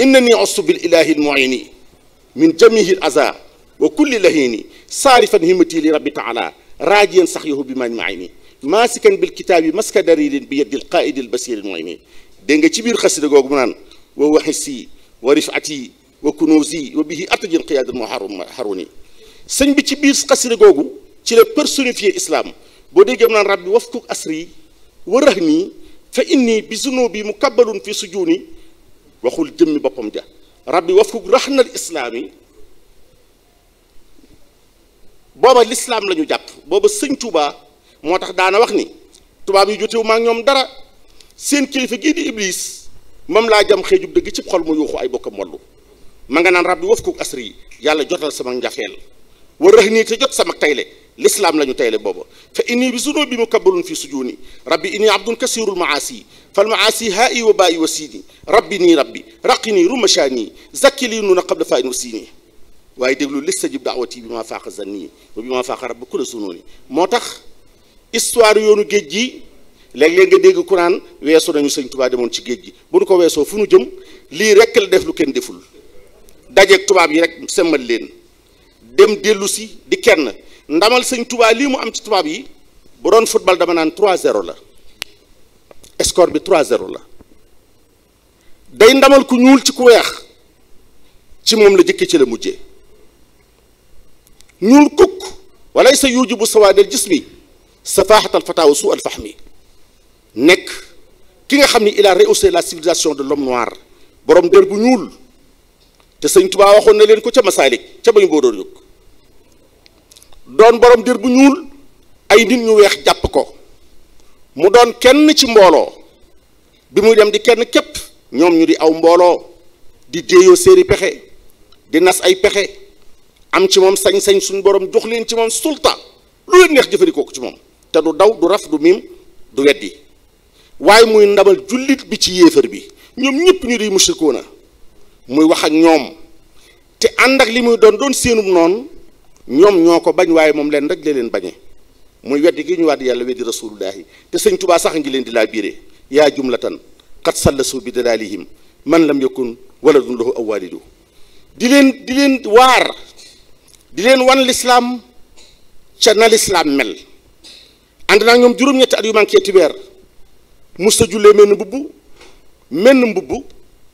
S3: inna ni ostu bil ilahi l muini min jamihil aza wa kulli lahiini saarifan himmati li rabbi taala raajiyan sax yahu bi man maay nii maasikan bil kitaabi maska dariirin bi yaddi alqaaidi albasiiri almuhaymin dégg nga ci biir xasida googu mu naan wa waxisi wa rifaati wa kunuusi wa bihi atajin qiyaadal moo xarum xaruni sëñ bi ci biir xasida googu ci la fi islam boo déggee mu naan rabbi wafkuk asri wa rahni fa inni bi zunubi mukabbalun fi sujuuni waxul jëmmi boppam ja rabbi wafkuk raxnal islaami booba lislaam la ñu jàpp booba sëñ Touba moo tax daana wax ni tubaab yi jotewu maak ñoom dara seen kilifa gii di iblis moom laa jam xëejub dëgg cib xol mu yuuxu ay bokkam wallu ma nga naan rab bi ko asri yi jot jotal sama njafeel war rëx nii te jot sama tayle lislaam la ñu tayle booba fa inni bi sunoo bi mu kabbalun fi sujuuni rabbi inni abdun kasirul maasi fal maasi haa i wa baa i wa siini rabbi nii rabbi raqi nii rumashaani zakki lii nuna qabla faa in wa siini waaye déglu listajib daawati bi maa faaqa zanni ba bi maa faaqa rabba kula sunooni moo tax histoire yoonu géej gi léeg-léeg nga dégg kuraan weesu nañu sëñ Tuubaa demoon ci géej gi bu nu ko weesoo fu nu jëm lii rekk la def lu kenn deful dajeeg tubaab yi rek semmal leen dem dellu si di kenn ndamal sëñ Tuubaa lii mu am ci tubaab yi bu doon football dama naan trois 0 la score bi trois 0 la day ndamal ku ñuul ci ku weex ci moom la jëkke ci la mujjee ñuul kukk walaysa yujibu sawaadal jismi safaahatal fataawa suu al mi nekk ki nga xam ni il a la civilisation de l'homme noir boroom dër bu ñuul te sëñ tubaa waxoon na leen ko ca Masaalik ca bañu boo doon yëg doon borom dër bu ñuul ay nit ñu weex jàpp ko mu doon kenn ci mbooloo bi muy dem di kenn képp ñoom ñu di aw mbooloo di déeyoo séeri pexe di nas ay pexe am ci moom sañ-sañ suñu borom jox leen ci moom sultaan lu leen neex jëfandikoo ko ci moom te du daw du raf du miim du weddi waaye muy ndabal jullit bi ci yéefar bi ñoom ñëpp ñu di mushrikoona muy wax ak ñoom te ànd ak li muy doon doon seenum noon ñoom ñoo ko bañ waaye moom leen rek la leen bañee muy weddi gi ñu waat yàlla weddi rasulullahi te sëñ tubaa sax ngi leen di laa biire yaa jumlatan qad sallasu bi dalaalihim man lam yakun waladun lahu aw waalidu di leen di leen di leen wan lislaam ca na lislaam mel ànd naa ñoom juróom-ñetti at yu manqué ti weer mus ta jullee menn mbubb menn mbubb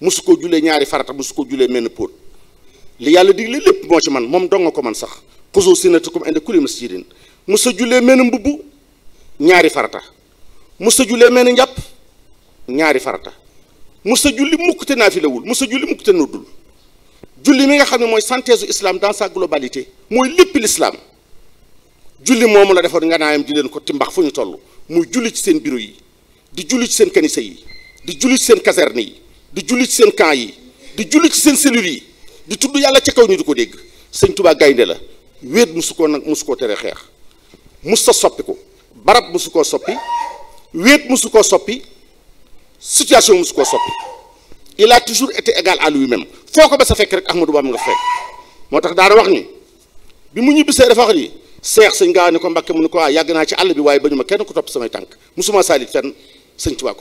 S3: musu koo jullee ñaari farata musu koo jullee menn póot li yàlla digle lépp moo ci man moom dong ko man sax xusu sinatakum inda kulli masjidin mus ta jullee menn mbubb ñaari farata mus ta jullee menn njàpp ñaari farata mus ta julli mukk te naafilawul mus ta julli mukk te noddul julli mi nga xam ne mooy synthèse islam dans sa globalité mooy lépp l'islam julli moomu la defoon nga naayam di leen ko timbax fu ñu tollu muy julli ci seen bureau yi di julli ci seen kanisa yi di julli ci seen caserne yi di julli ci seen camp yi di julli ci seen cellules yi di tudd yàlla ci kaw ñu di ko dégg sëñ Tuubaa gaynde la wéet musu ko nag musu koo tere xeex mus sa soppi ko barab musu koo soppi wéet musu koo soppi situation musu koo soppi il toujours été égal àll lui-même foo ko ba sa fekk rek Ahmadou Bamba nga fekk moo tax daana wax ni bi mu ñibbisee dafa wax ni seex sëñ gaa ni ko Mbàkke mu ni ko yàgg naa ci àll bi waaye ba ñu ma kenn ku topp samay tànk musuma saalit fenn ko wax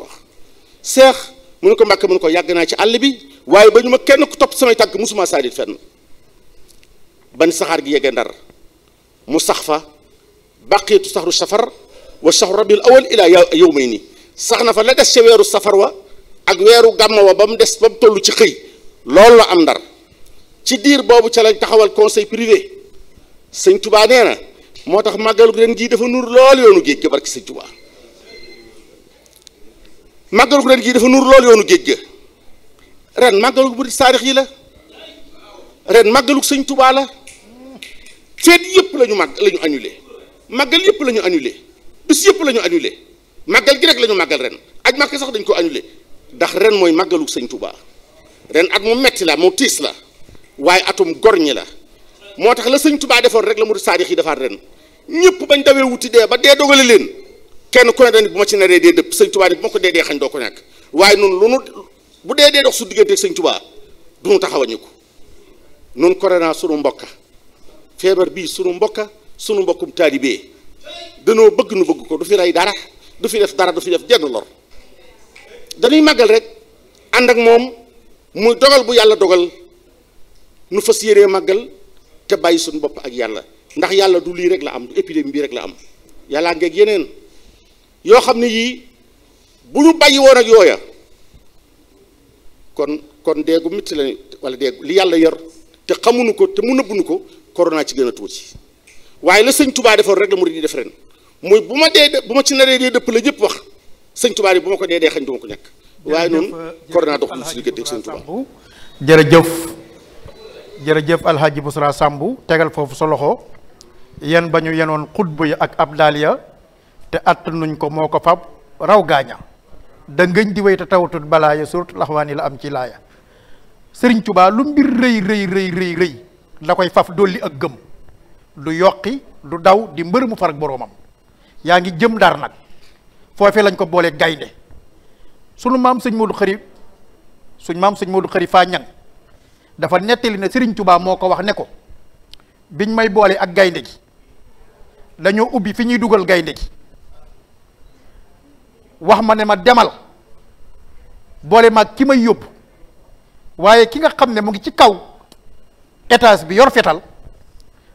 S3: seex mu ni ko Mbàkke mu ko yàgg naa ci àll bi waaye ba ñu ma kenn ku topp samay tànk musuma saalit fenn ban saxaar gi yeggee ndar mu sax fa bàqiitu saxru safar wa saxru rabiul awal ilaa yow may nii sax na fa la des ca weeru safar wa ak weeru gàmmo ba mu des ba mu toll ci xëy loolu la am ndar ci diir boobu ca lañ taxawal conseil privé sëñ tubaa nee na moo tax màggalu ren gii dafa nuur lool yoonu géej ga barki sëñ tubaa màggalu ren gii dafa nur lool yoonu géej ren màggalu bu saarix yi la ren màggalu sëñ tubaa la feet yëpp lañu màgg lañu ñu annulé màggal yëpp la ñu annulé bis yëpp la ñu màggal gi rek lañu ñu màggal ren aj màkk sax dañ ko annulé ndax ren mooy màggalu sëñ tubaa ren at mu metti la mu tiis la waaye atum gor ñi la moo tax la sëñ Touba defoon rek la mu saadix yi defaat ren ñëpp bañ dawee wuti dee ba dee dogale leen kenn ku ne dañ bu ma ci naree dee dëpp sëñ Touba ni moo ko dee dee xañ doo ko nekk waaye noonu lu nu bu dee dee dox su diggante sëñ Touba du nu taxaw a ñu ko noonu corona sunu mbokka feebar bii sunu mbokka sunu mbokkum taalibe danoo bëgg nu bëgg ko du fi rey dara du fi def dara du fi def jenn lor dañuy màggal rek ànd ak moom muy dogal bu yàlla dogal nu fas yéree màggal te bàyyi suñu bopp ak yàlla ndax yàlla du lii rek la am du épidémie bii rek la am yàllaa ngeeg yeneen yoo xam ne yii bu ñu bàyyi woon ak yooya kon kon deegu mitti la wala deegu li yàlla yor te xamuñu ko te mu nëbbuñu ko corona ci gën a tuuti waaye la sëñ tubaa defoon rek la mu di def ren muy bu ma dee bu ma ci naree dee dëpp la ñëpp wax sëñ Tuubaa yi bu ma ko dee dee xañ du ma ko ñàkk waaye noonu korona dox na suñu diggante ak sëñ
S1: jërëjëf jërëjëf alhaji Busra Sàmbu tegal foofu sa loxo yan bañu yenoon xutba ya ak ab daaliya te att nuñ ko moo ko fab raw gaaña da ngëñ di way te tawatut balaa ya surtout laxwaan yi la am ci laaya sëriñ Tuubaa lu mbir rëy rëy rëy da koy faf dolli ak gëm du yokki du daw di mbër mu far ak boroomam yaa ngi jëm dar nag foofee lañ ko boolee gaynde sunu maam sëñ Modou xëri suñ maam sëñ Modou xëri faa ñan dafa nettali na Serigne Touba moo ko wax ne ko biñ may boole ak gaynde gi dañoo ubbi fi ñuy dugal gaynde gi wax ma ne ma demal boole maag ki may yóbbu waaye ki nga xam ne mu ngi ci kaw étage bi yor fetal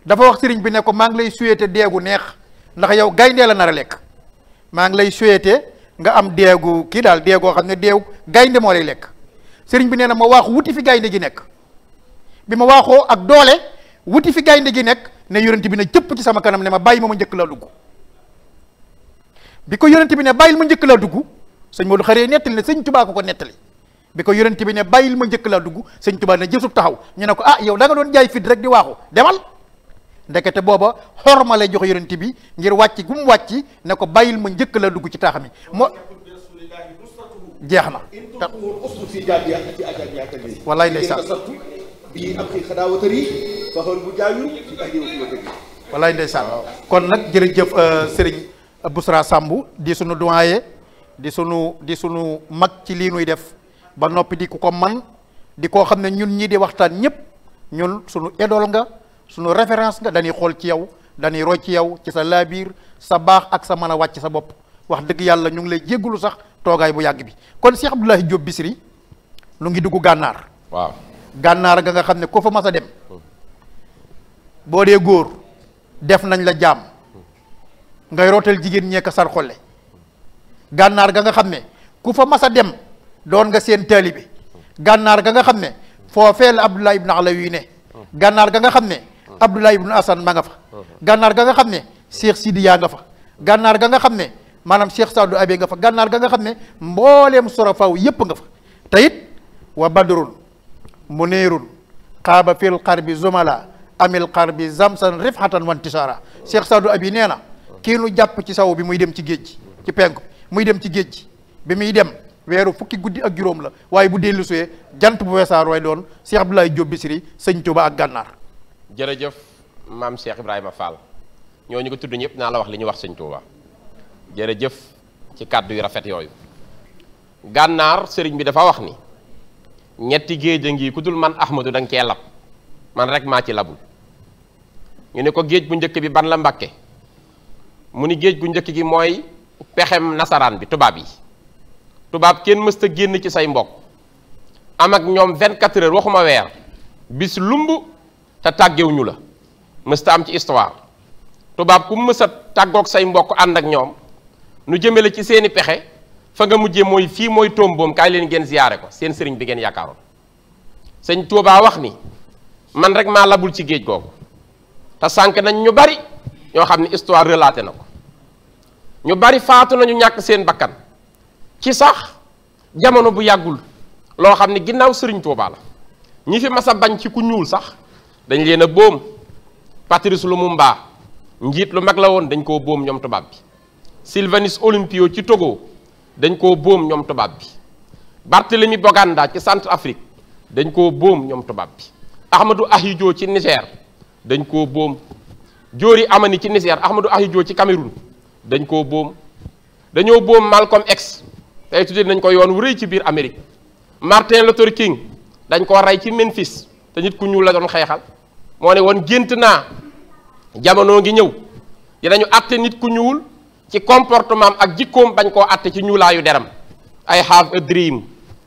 S1: dafa wax sëriñ bi ne ko maa ngi lay souhaité deegu neex ndax yow gayndee la nar a lekk maa ngi lay souhaité nga am deegu kii daal deegoo xam ne deew gaynde moo lay lekk sëriñ bi nee na ma waaxu wuti fi gaynde gi nekk bi ma waaxoo ak doole wuti fi gaynde gi nekk ne yonent bi ne jëpp ci sama kanam ne ma bàyyi ma ma njëkk laa dugg bi ko yonent bi ne bàyyil ma njëkk laa dugg sëñ Modou xaree nettali ne sëñ Tubaa ko nettali bi ko yonent bi ne bàyyil ma njëkk laa dugg sëñ Tubaa ne jësub taxaw ñu ne ko ah yow da nga doon jaay fit rek di waaxu demal ndekete booba xorma lay jox yonent bi ngir wàcc gu wàcc ne ko bàyyil ma njëkk la dugg ci taax mi moo jeex na wallaay ndeysaan wallaay ndeysaan kon nag jërëjëf euh, sëriñ Bousra sàmbu di sunu doyen di suñu di suñu mag ci lii nuy def ba noppi di ku ko man di koo xam ne ñun ñii di waxtaan ñëpp ñun sunu edool nga suñu référence nga dañuy xool ci yow dañuy roy ci yow ci sa laabiir sa baax ak sa man a wàcc sa bopp wax dëgg yàlla ñu ngi lay jéggulu sax toogaay bu yàgg bi kon Cheikh Abdoulaye Diop Bichri lu ngi dugg gànnaar waaw gànnaar ga nga xam ne ko fa mas a dem boo dee góor def nañ la jaam ngay jigéen ñeek sar xolle gànnaar ga nga xam ne ku fa mas a dem doon nga seen taalibe gànnaar ga nga xam ne foofee la Abdoulaye ibn Alawi ne hmm. gànnaar ga nga xam ne bu ibnu assan ma nga fa gànnaar ga nga xam ne Cheikh Sidi yaa nga fa gànnaar ga nga xam ne maanaam Cheikh Sadou Abe nga fa gànnaar ga nga xam ne mbooleem sorafaw yépp nga fa te it wa badrun muniirun xaaba fil xarbi zumala amil xarbi zamsan rifhatan wantisara Cheikh Sadou Abi nee na kii nu jàpp ci saw bi muy dem ci géej gi ci penk muy dem ci géej gi bi muy dem weeru fukki guddi ak juróom la waaye bu dellu suyee jant bu weesaar way doon Cheikh Abdoulaye Diop Bichri sëñ Tuba ak gànnaar
S4: jërëjëf maam Cheikh Ibrahima Fall ñoo ñu ko tudd ñëpp naa la wax li ñu wax sëñ Touba jërëjëf ci kàddu yu rafet yooyu gànnaar sëriñ bi dafa wax ni ñetti géej a ngi ku dul man Ahmadou da nga cee lab man rek maa ci labul ñu ne ko géej bu njëkk bi ban la Mbàkke mu ni géej bu njëkk gi mooy pexem nasaraan bi tubaab yi tubaab kenn mësta génn ci say mbokk am ak ñoom 24 heures waxuma weer bis lumb te tàggewuñu la mësta am ci histoire tubaab ku mësa tàggook say mbokk ànd ak ñoom nu la ci seeni pexe fa nga mujje mooy fii mooy tomboom kaay leen ngeen ziyaare ko seen sëriñ bi ngeen yaakaaroon sëñ Tuubaa wax ni man rek maa labul ci géej googu te sànq nañ ñu bari ñoo xam ne histoire relaté na ko ñu bari faatu nañu ñàkk seen bakkan ci sax jamono bu yàggul loo xam ne ginnaaw sëriñ Tuubaa la ñi fi mas a bañ ci ku ñuul sax dañ leen a boom Patrice mbaa njiit lu mag la woon dañ koo boom ñoom tubaab bi Sylvanus Olympio ci Togo dañ koo boom ñoom tubaab bi Barthélemy Boganda ci Centrafrique dañ koo boom ñoom tubaab bi Ahmadou Ahidjo ci Niger dañ koo boom Diori Amani ci Niger Ahmadou Ahidjo ci Cameroun dañ koo boom dañoo boom Malcolm X tey tuddee nañ ko yoon wu rëy ci biir Amérique Martin Luther King dañ koo rey ci Memphis te nit ku ñuul la doon xeexal moo ne woon gént naa jamono ngi ñëw dinañu àtte nit ku ñuul ci comportement am ak jikkoom bañ koo àtte ci ñuulaayu deram I have a dream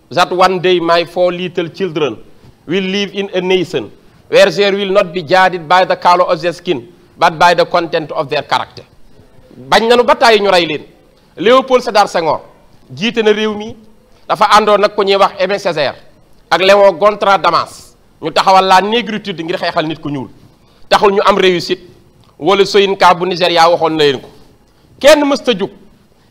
S4: that one day my four little children will live in a nation where there will not be judged by the color of their skin but by the content of their character bañ nanu ba tàyyi ñu rey leen Léopold Sédar Senghor jiite na réew mi dafa àndoon nag ku ñuy wax Aimé Césaire ak Léon Gontran Damas ñu taxawal la négritude ngir xeexal nit ku ñuul taxul ñu am réussite wala Soyin Ka bu Nigéria waxoon na ko kenn mësta jug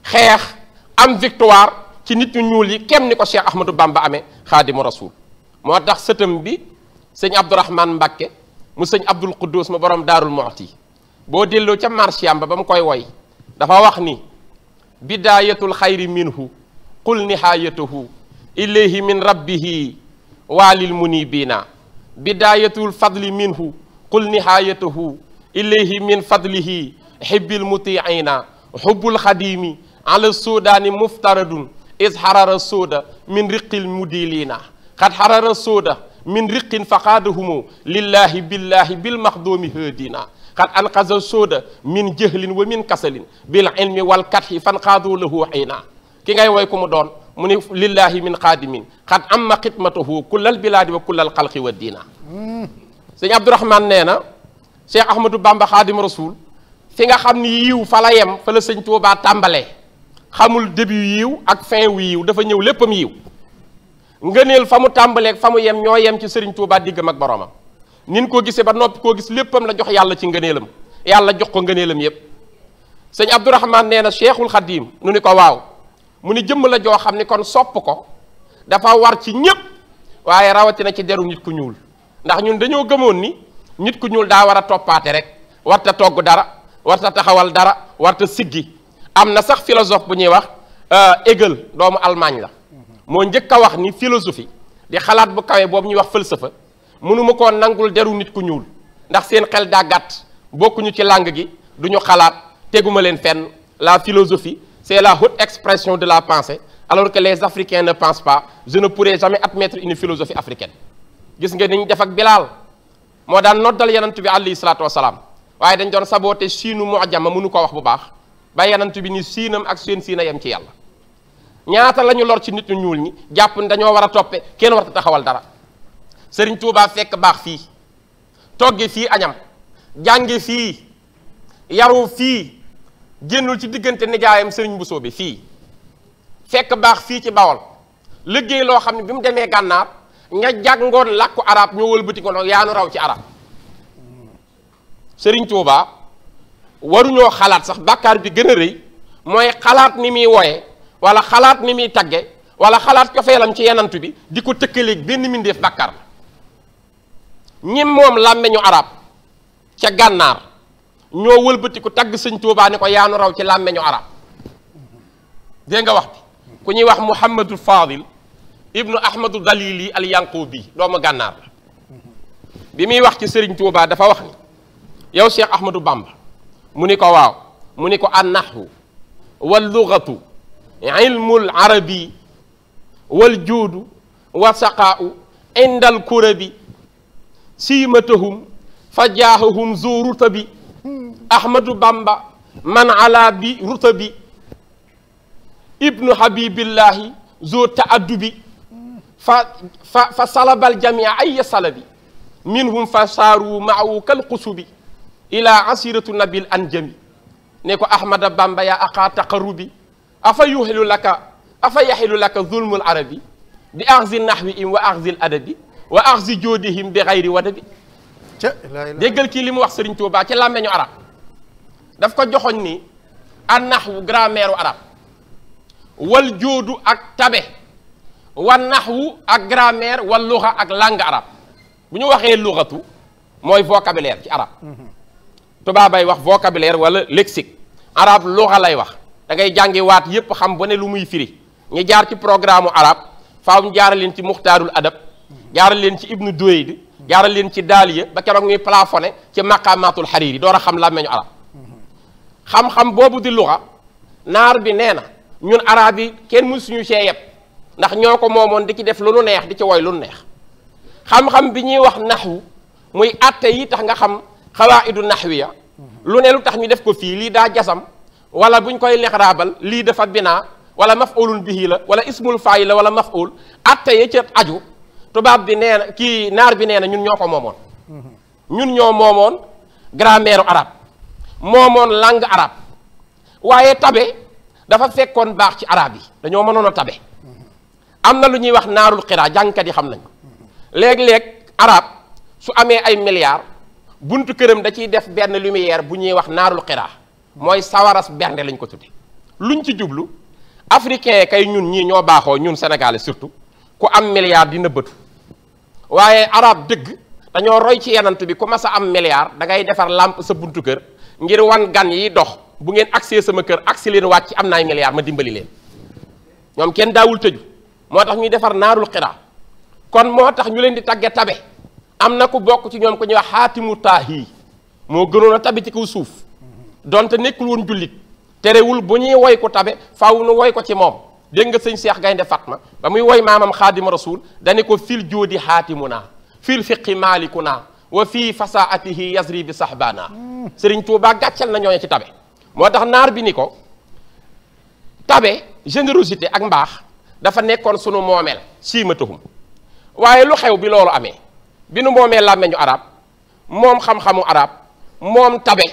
S4: xeex am victoire ci nit ñu ñuul yi kenn ni ko Cheikh Ahmadou Bamba amee xaadimu rasul moo tax sëtam bi sëñ Abdourahman Mbakke mu sëñ Abdul Quddus mu borom daarul Muxti boo delloo ca Marsiyaam ba ba mu koy woy dafa wax ni bidaayatul xayri minhu qul nihaayatuhu ilayhi min rabbihi waalil munibiina bidaayatul fadli minhu qul nihaayatuhu ilayhi min fadlihi xibbil mutiina xubbul xadiimi ala suudaani muftaradun is xarara sooda min riqil mudilina xat xarara sooda min riqin faqaadahumu lillahi billahi bil maxdoomi hëdina xat anqaza sooda min jëhlin wa min kasalin bil ilmi wal katxi fan xaadoo lahu xiina ki ngay woy ku mu doon mu ne lillahi min xaadimin xat amma xidmatahu kullal bilaadi wa kullal xalqi wa diina sëñ abdourahman nee na cheikh ahmadou bamba xaadim rasul fi nga xam ni yiiw fa la yem fa la sëñ tuubaa xamul début yiiw ak fin wu dafa ñëw léppam yiiw ngëneel fa mu tàmbaleeg fa mu yem ñoo yem ci sëriñ tuubaa diggam ak boromam nin koo gisee ba noppi koo gis léppam la jox yàlla ci ngëneelam yàlla jox ko ngëneelam yépp sëñ abdourahman nee na cheikhul xadim nu ni ko waaw mu ni jëmm la joo xam ni kon sopp ko dafa war ci ñépp waaye rawatina ci deru nit ku ñuul ndax ñun dañoo gëmoon ni nit ku ñuul daa war a toppaate rek warta togg dara warta taxawal dara warta siggi am na sax philosophe bu ñuy wax euh, Hegel doomu Allemagne la moo njëkk a wax ni philosophie di xalaat bu kawe boobu ñuy wax falsafa mënuma koo nangul deru nit ku ñuul ndax seen xel dàggat bokkuñu ci làng gi duñu xalaat teguma leen fenn la philosophie c'est la haute expression de la pensée alors que les Africains ne pensent pas je ne pourrai jamais admettre une philosophie africaine gis nga ni ñu def ak Bilal moo daan noddal yanantu bi alayhi salaatu wasalaam waaye dañ doon saboote siinu mojama mënu ko wax bu baax ba yanantu bi ni siinam ak seen siina yem ci yàlla ñaata lañu ñu lor ci nit ñu ñuul ñi jàpp dañoo war a toppe kenn warta taxawal dara Sëriñ Tuubaa fekk baax fii togge fii añam jànge fii yaru fii génnul ci diggante nijaayam sëriñ Bousso bi fii fekk baax fii ci Bawol liggéey loo xam ne bi mu demee gànnaar ña jàngoon làkku arab ñoo wëlbati ko noonu yaa nu raw ci arab sëriñ Touba waruñoo xalaat sax bàkkaar bi gën a rëy mooy xalaat ni muy woye wala xalaat ni muy tagge wala xalaat cofeelam ci yenantu bi di ko tëkkaleeg benn mbindeef bàkkaar la ñim moom làmmeñu arab ca gànnaar ñoo ku tagg sëñ Tuubaa ni ko yaanu raw ci làmmeñu arab dégg nga wax bi ku ñuy wax Muhammadul Fadil ibnu Ahmadu Dalili al Yanqubi doomu gànnaar bi muy wax ci sëriñ Tuubaa dafa wax ni yow Cheikh Ahmadou Bamba mu ni ko waaw mu ni ko an nahwu wal lugatu ilmul arabi wal juudu wa saqaa'u ahmadu bamba man ala bi rutabi ibnu habibillahi zo taaddubi fa fa fa salabal jamia ayya salabi minhum fa saaru maawu kal qusubi ila asiratu nabil anjami ne ko ahmada bamba ya aqa taqarrubi afa yuhilu laka afa yahilu laka zulmul arabi bi axzi nahwihim wa axzi adabi wa axzi joodihim bi xayri wadabi déggal kii li mu wax sëriñ Tuubaa ci làmmeñu arab daf ko joxoñ ni annaxwu grammaire u arab wal jóodu ak tabe wa naxwu ak grammaire wal luxa ak langue arab bu ñu waxee luxatu mooy vocabulaire ci arab tubaabay wax vocabulaire wala lexique arab luxa lay wax dangay ngay jàngi waat yépp xam ba ne lu muy firi ñu jaar ci programme u arab faaw ñu leen ci muxtaarul adab jaara leen ci ibnu duweyd jaara leen ci daaliya ba keroog ñuy plafonné ci maqamatul xariir door a xam làmmeñu arab xam-xam boobu di luxa naar bi nee na ñun arab yi kenn mu suñu see yëpp ndax ñoo ko moomoon di ci def lu nu neex di ci woy lu nu neex xam-xam bi ñuy wax naxwu muy atte yi tax nga xam idu xawaa'idu naxwiya lu ne lu tax ñu def ko fii lii daa jasam wala buñ koy lexraabal lii dafa binaa wala maf'ulun bihi la wala ismul faay la wala maf'ul atte ya ca aju tubaab bi nee kii naar bi nee na ñun ñoo ko moomoon mm-hmm. ñun ñoo moomoon grammaire arabe moomoon langue arabe waaye tabe dafa fekkoon baax ci araab yi dañoo mënoon a tabe am na lu ñuy wax naarul xiraa jàngkat yi xam nañ léeg-léeg arab su amee ay milliards buntu këram da ciy def benn lumière bu ñuy wax naarul xiraa mooy sawaras bernde lañ ko tudde luñ ci jublu africain kay ñun ñii ñoo baaxoo ñun sénégalais surtout ku am milliard di nëbbatu waaye arab dëgg dañoo roy ci yenant bi ku mas a am milliard da ngay defar làmp sa buntu kër ngir wan gan yi dox bu ngeen agsee sama kër agsi leen wàcc am naay milliards ma dimbali leen ñoom kenn daawul tëju moo tax ñuy defar naarul xiraa kon moo tax ñu leen di tagge tabe am na ku bokk ci ñoom ko ñuy wax xaatimu taahi moo gënoon a tabe ci kaw suuf donte nekkul woon jullit terewul bu ñuy woy ko tabe faaw nu woy ko ci moom dégg nga sëñ Seex Gaynde Fatma ba muy woy maamam xaadima rasul dani ko fil joodi xaatimu naa fil fiqi maaliku naa wa fii fasaatihi yazri bi sahbaana Serigne Touba gàccal na ñoo ci tabe moo tax naar bi ni ko tabe générosité ak mbaax dafa nekkoon sunu moomeel siimatuhum waaye lu xew bi loolu amee bi nu moomee làmmeñu arab moom xam-xamu arab moom tabe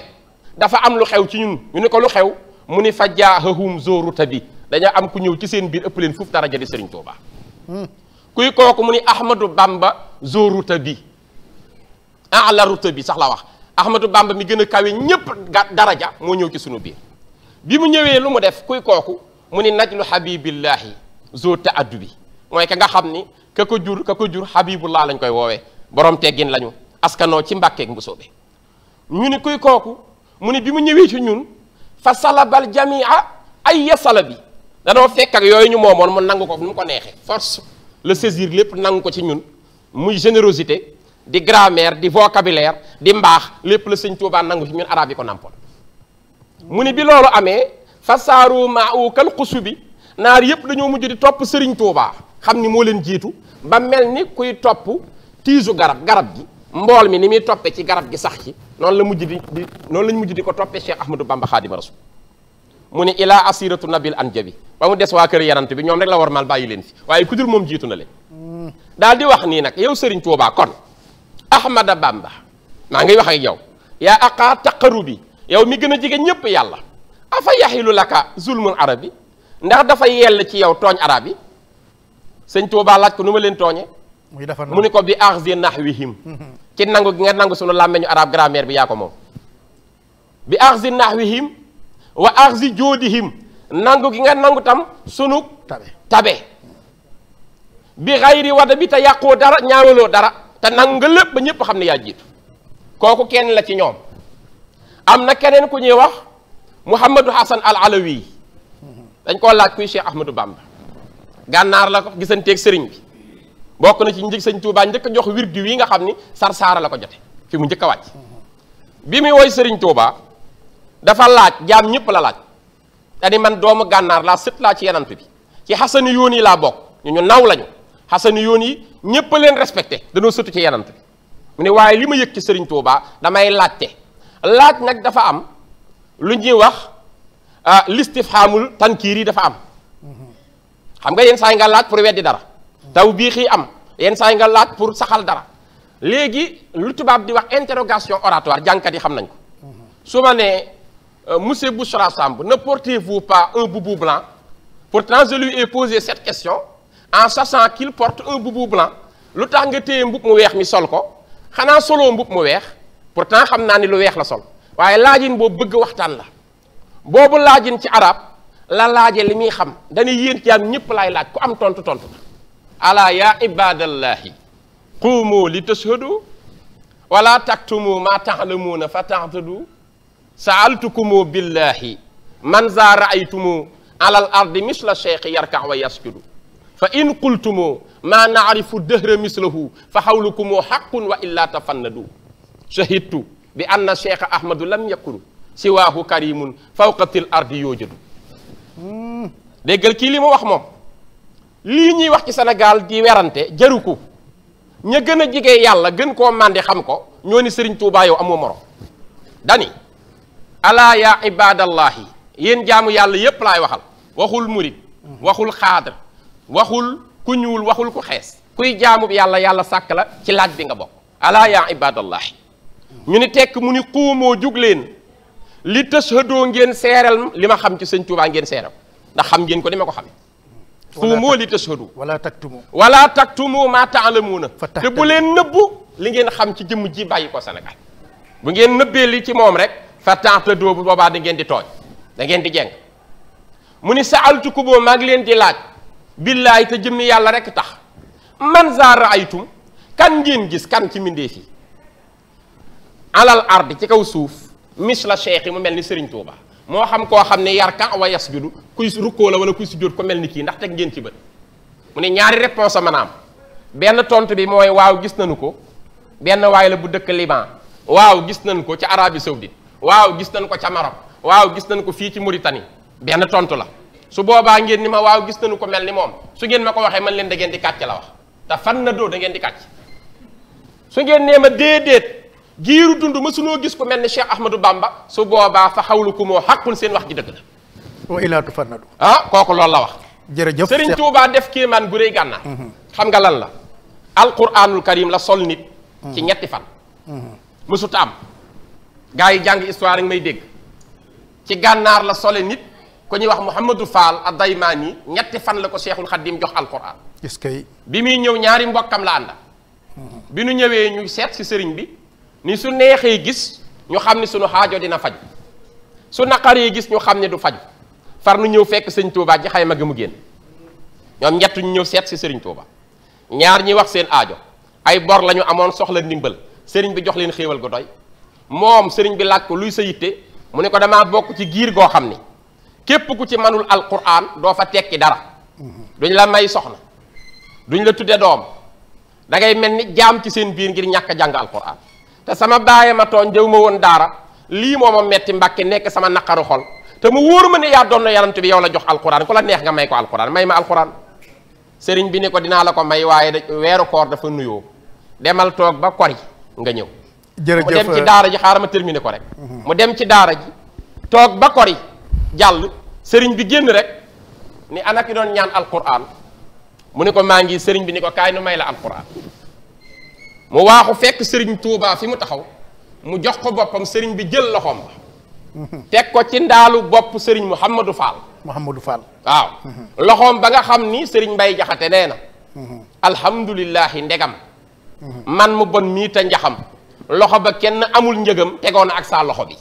S4: dafa am lu xew ci ñun ñu ni ko lu xew mu ni fa jaahahum zoruta bi dañoo am ku ñëw ci seen biir ëpp leen fuuf daraja di Serigne Touba hmm. kuy kooku mu ni Ahmadou Bamba zoruta bi ah la ruta bi sax la wax Ahmadou Bamba mi gën a kawe ñëpp daraja moo ñëw ci sunu biir bi mu ñëwee lu mu def kuy kooku mu ni najlu habibillahi zo ta addu bi mooy ka nga xam ni ka ko jur ka ko jur habibullah lañ koy woowee borom teggin lañu askanoo ci mbàkkeeg mbusoobe ñu ni kuy kooku mu ni bi mu ñëwee ci ñun fa salabal jamia ay ya sala bi danoo fekk ak yooyu ñu moomoon mu nangu ko nu mu ko neexee force le saisir lépp nangu ko ci ñun muy générosité di grammaire di vocabulaire di mbaax lépp la sëñ Tuubaa nangu ci ñun arab yi ko nàmpoon mu ni bi loolu amee fasaaru maahu kal xusu bi naar yëpp lañoo mujj di topp sëriñ Tuubaa xam ni moo leen jiitu ba mel ni kuy topp tiisu garab garab gi mbool mi ni muy toppe ci garab gi sax ci noonu la mujj di di noonu lañ mujj di ko toppe Cheikh Ahmadou Bamba Xaadima Rasul mu ni ilaa asiratu nabil anjabi ba mu des waa kër yarant bi ñoom rek la war maal bàyyi leen fi waaye ku dul moom jiitu na leen mm. nii nag yow sëriñ Tuubaa kon ahmada bamba maa ngi wax ak yow yaa aqaa taqarubi yow mi gën a jege ñépp yàlla afa yaxilu laka zulmul arabi ndax dafa yell ci yow tooñ arab yi sëñ Tuubaa laaj ko nu ma leen tooñee mu ni ko bi axzi nahwihim ci nangu gi nga nangu sunu làmmeñu arab grammaire bi yaa ko moom bi axzi nahwihim wa axzi joodihim nangu gi nga nangu tam sunu tabe tabe bi xayri wada bi te yàqoo dara ñaawaloo dara te nangu nga lépp ba ñëpp xam ne yaa jiitu kooku kenn la ci ñoom am na keneen ku ñuy wax Mouhamadou Hassan al Alawi dañ koo laaj kuy Cheikh baam Bamba gànnaar la ko gisanteeg sëriñ bi bokk na ci njëg sëñ Touba njëkk a jox wirdi wii nga xam ni Sarsara la ko jote fi mu njëkk a wàcc bi muy woy sëriñ Touba dafa laaj jaam ñëpp la laaj dani man doomu gànnaar laa sët laa ci yenant bi ci xasani yoon yi laa bokk ñu ñu naw lañu xasanu yoon yi ñépp a leen respecté danoo sëtu ci yanant bi mu ne waaye li ma yëg ci sëriñ Touba damay laajte laaj nag dafa am lu ñi wax ah, listifhaamul tankiir yi dafa am xam nga yenn saa nga laaj pour weddi dara taw biix yi am yenn saa nga laaj pour saxal dara léegi lu tubaab di wax interogation oratoire jànkat yi xam nañ ko su ma nee euh, monsieur Bouchra Samb ne portez-vous pas un boubou blanc pour je lui ai posé cette question en sachant qu'il port un boubou blanc lu tax nga téye mbub mu weex mi sol ko xanaa solo mbub mu weex pour pourtant xam naa ni lu weex la sol waaye laajin boobu bëgg waxtaan la boobu laajin ci arab la laaje li muy xam dañuy yéen ci am ñëpp laay laaj ku am tontu tontu la ala ya ibadallahi quumu li tashhadu wala taktumu ma taalamuuna fa tahtadu saaltukumu billahi man za raaytumu ala al ardi misla cheikh yarka wa yasjudu fa in qultumoo maa naarifu dëhra mislahu fa xawlukumoo xaqun wa illaa tafannadu shahidtu bi anna cheikha ahmadu lam yakun siwaahu karimun fawqatil ardi yoojadu hmm. déggal kii li ma wax moom lii ñuy wax ci Sénégal di werante jaru ko ña gën a jege yàlla gën koo màndi xam ko ñoo ni sëriñ Tuubaa yow amoo morom dani alaa yaa ibadallahi yéen jaamu yàlla yépp laay waxal waxul murit waxul xaadir waxul ku ñuul waxul ku xees kuy jaamub yàlla yàlla sàkk la ci laaj bi nga bokk alaa yaa ibadallahi ñu ni tekk mu ni xuumoo jug leen li tashadoo ngeen seeral li ma xam ci sëñ Tuubaa ngeen seeral ndax xam ngeen ko ni ma ko xamee xuumoo li tashadoo wala taktumu wala taktumu maa taalamuuna te bu leen nëbbu li ngeen xam ci jëmm ji bàyyi ko Sénégal bu ngeen nëbbee li ci moom rek fa taatadoo bu boobaa da ngeen di tooñ dangeen di jeng mu ni saaltukumoo maa ngi leen di laaj billaay te jëmmi yàlla rekk tax man zaara aytum kan ngeen gis kan ci mbindéef yi alal ardi ci kaw suuf miss la cheikh mu mel ni Serigne Touba moo xam koo xam ne yarka wa yasjudu kuy rukkoo la wala kuy sujjóot ko mel ni kii ndax teg ngeen ci bët mu ne ñaari réponse a mën benn tontu bi mooy waaw gis nañu ko benn waay la bu dëkk Liban waaw gis nañ ko ca Arabie Saoudite waaw gis nañ ko ca Maroc waaw gis nañ ko fii ci muritani benn tontu la su boobaa ngeen ni ma waaw gis nañu ko mel ni moom su ngeen ma ko waxee man leen da ngeen di kàcc la wax te fan na doo dangeen di kàcc su ngeen nee ma déedéet giiru dund ma sunoo gis ku mel ni Cheikh Ahmadou Bamba su boobaa fa xawlu ku moo xàqul seen wax ji dëgg la.
S1: wa na du.
S4: ah kooku loolu la wax. jërëjëf Serigne Touba def kéemaan gu rëy gànnaar. Mm-hmm. xam nga lan la. alquranul karim la sol nit. Mm-hmm. ci ñetti fan.
S3: Mm-hmm.
S4: mësut am. gaa yi jàng histoire rek may dégg. ci gànnaar la sole nit. ku ñuy wax Mouhamadou a ak Daymaani ñetti fan la ko Seexul Xaddim jox alquran. est-ce bi muy ñëw ñaari mbokkam la ànda. bi nu ñëwee ñu seet si sëriñ bi ni su neexee gis ñu xam ni sunu xaajo dina faj su naqaree gis ñu xam ne du faj far nu ñëw fekk sëñ Touba ji xayma gi mu génn ñoom ñett ñu ñëw seet si sëriñ Touba ñaar ñi wax seen aajo ay bor lañu amoon soxla ndimbal sëriñ bi jox leen xéewal gu doy moom sëriñ bi laaj luy sa yitte mu ne ko damaa bokk ci giir goo xam ni. képp ku ci manul alquran doo fa tekki dara duñ la may soxna duñ la tudde doom dangay mel ni jaam ci seen biir ngir ñàkk a jàng alquran te sama baaye ma tooñ jëw ma woon daara lii moo metti mbàkke nekk sama naqaru te mu wóor ma ne yaa doon na yanant bi yow la jox alquran la neex nga may ko may ma alquran sëriñ bi ne ko dinaa la ko may waaye da weeru koor dafa nuyoo demal toog ba kori nga
S1: ñëw mu dem ci daara
S4: ji xaaral ma terminer ko rek mm-hmm. mu dem ci daara ji toog ba kori jàll sëriñ bi génn rek ni ana ki doon ñaan alquran mu ne ko maa ngi sëriñ bi ni ko kaay nu may la alquran mu waaxu fekk sëriñ Touba fi mu taxaw mu jox ko boppam sëriñ bi jël loxoom ba teg ko ci ndaalu bopp sëriñ Mouhamadou Fall Mouhamadou Fall waaw loxoom ba nga xam ni sëriñ Mbay Jaxate nee na alhamdulillahi ndegam man mu bon mii ta njaxam loxo ba kenn amul njëgam tegoon ak saa loxo bi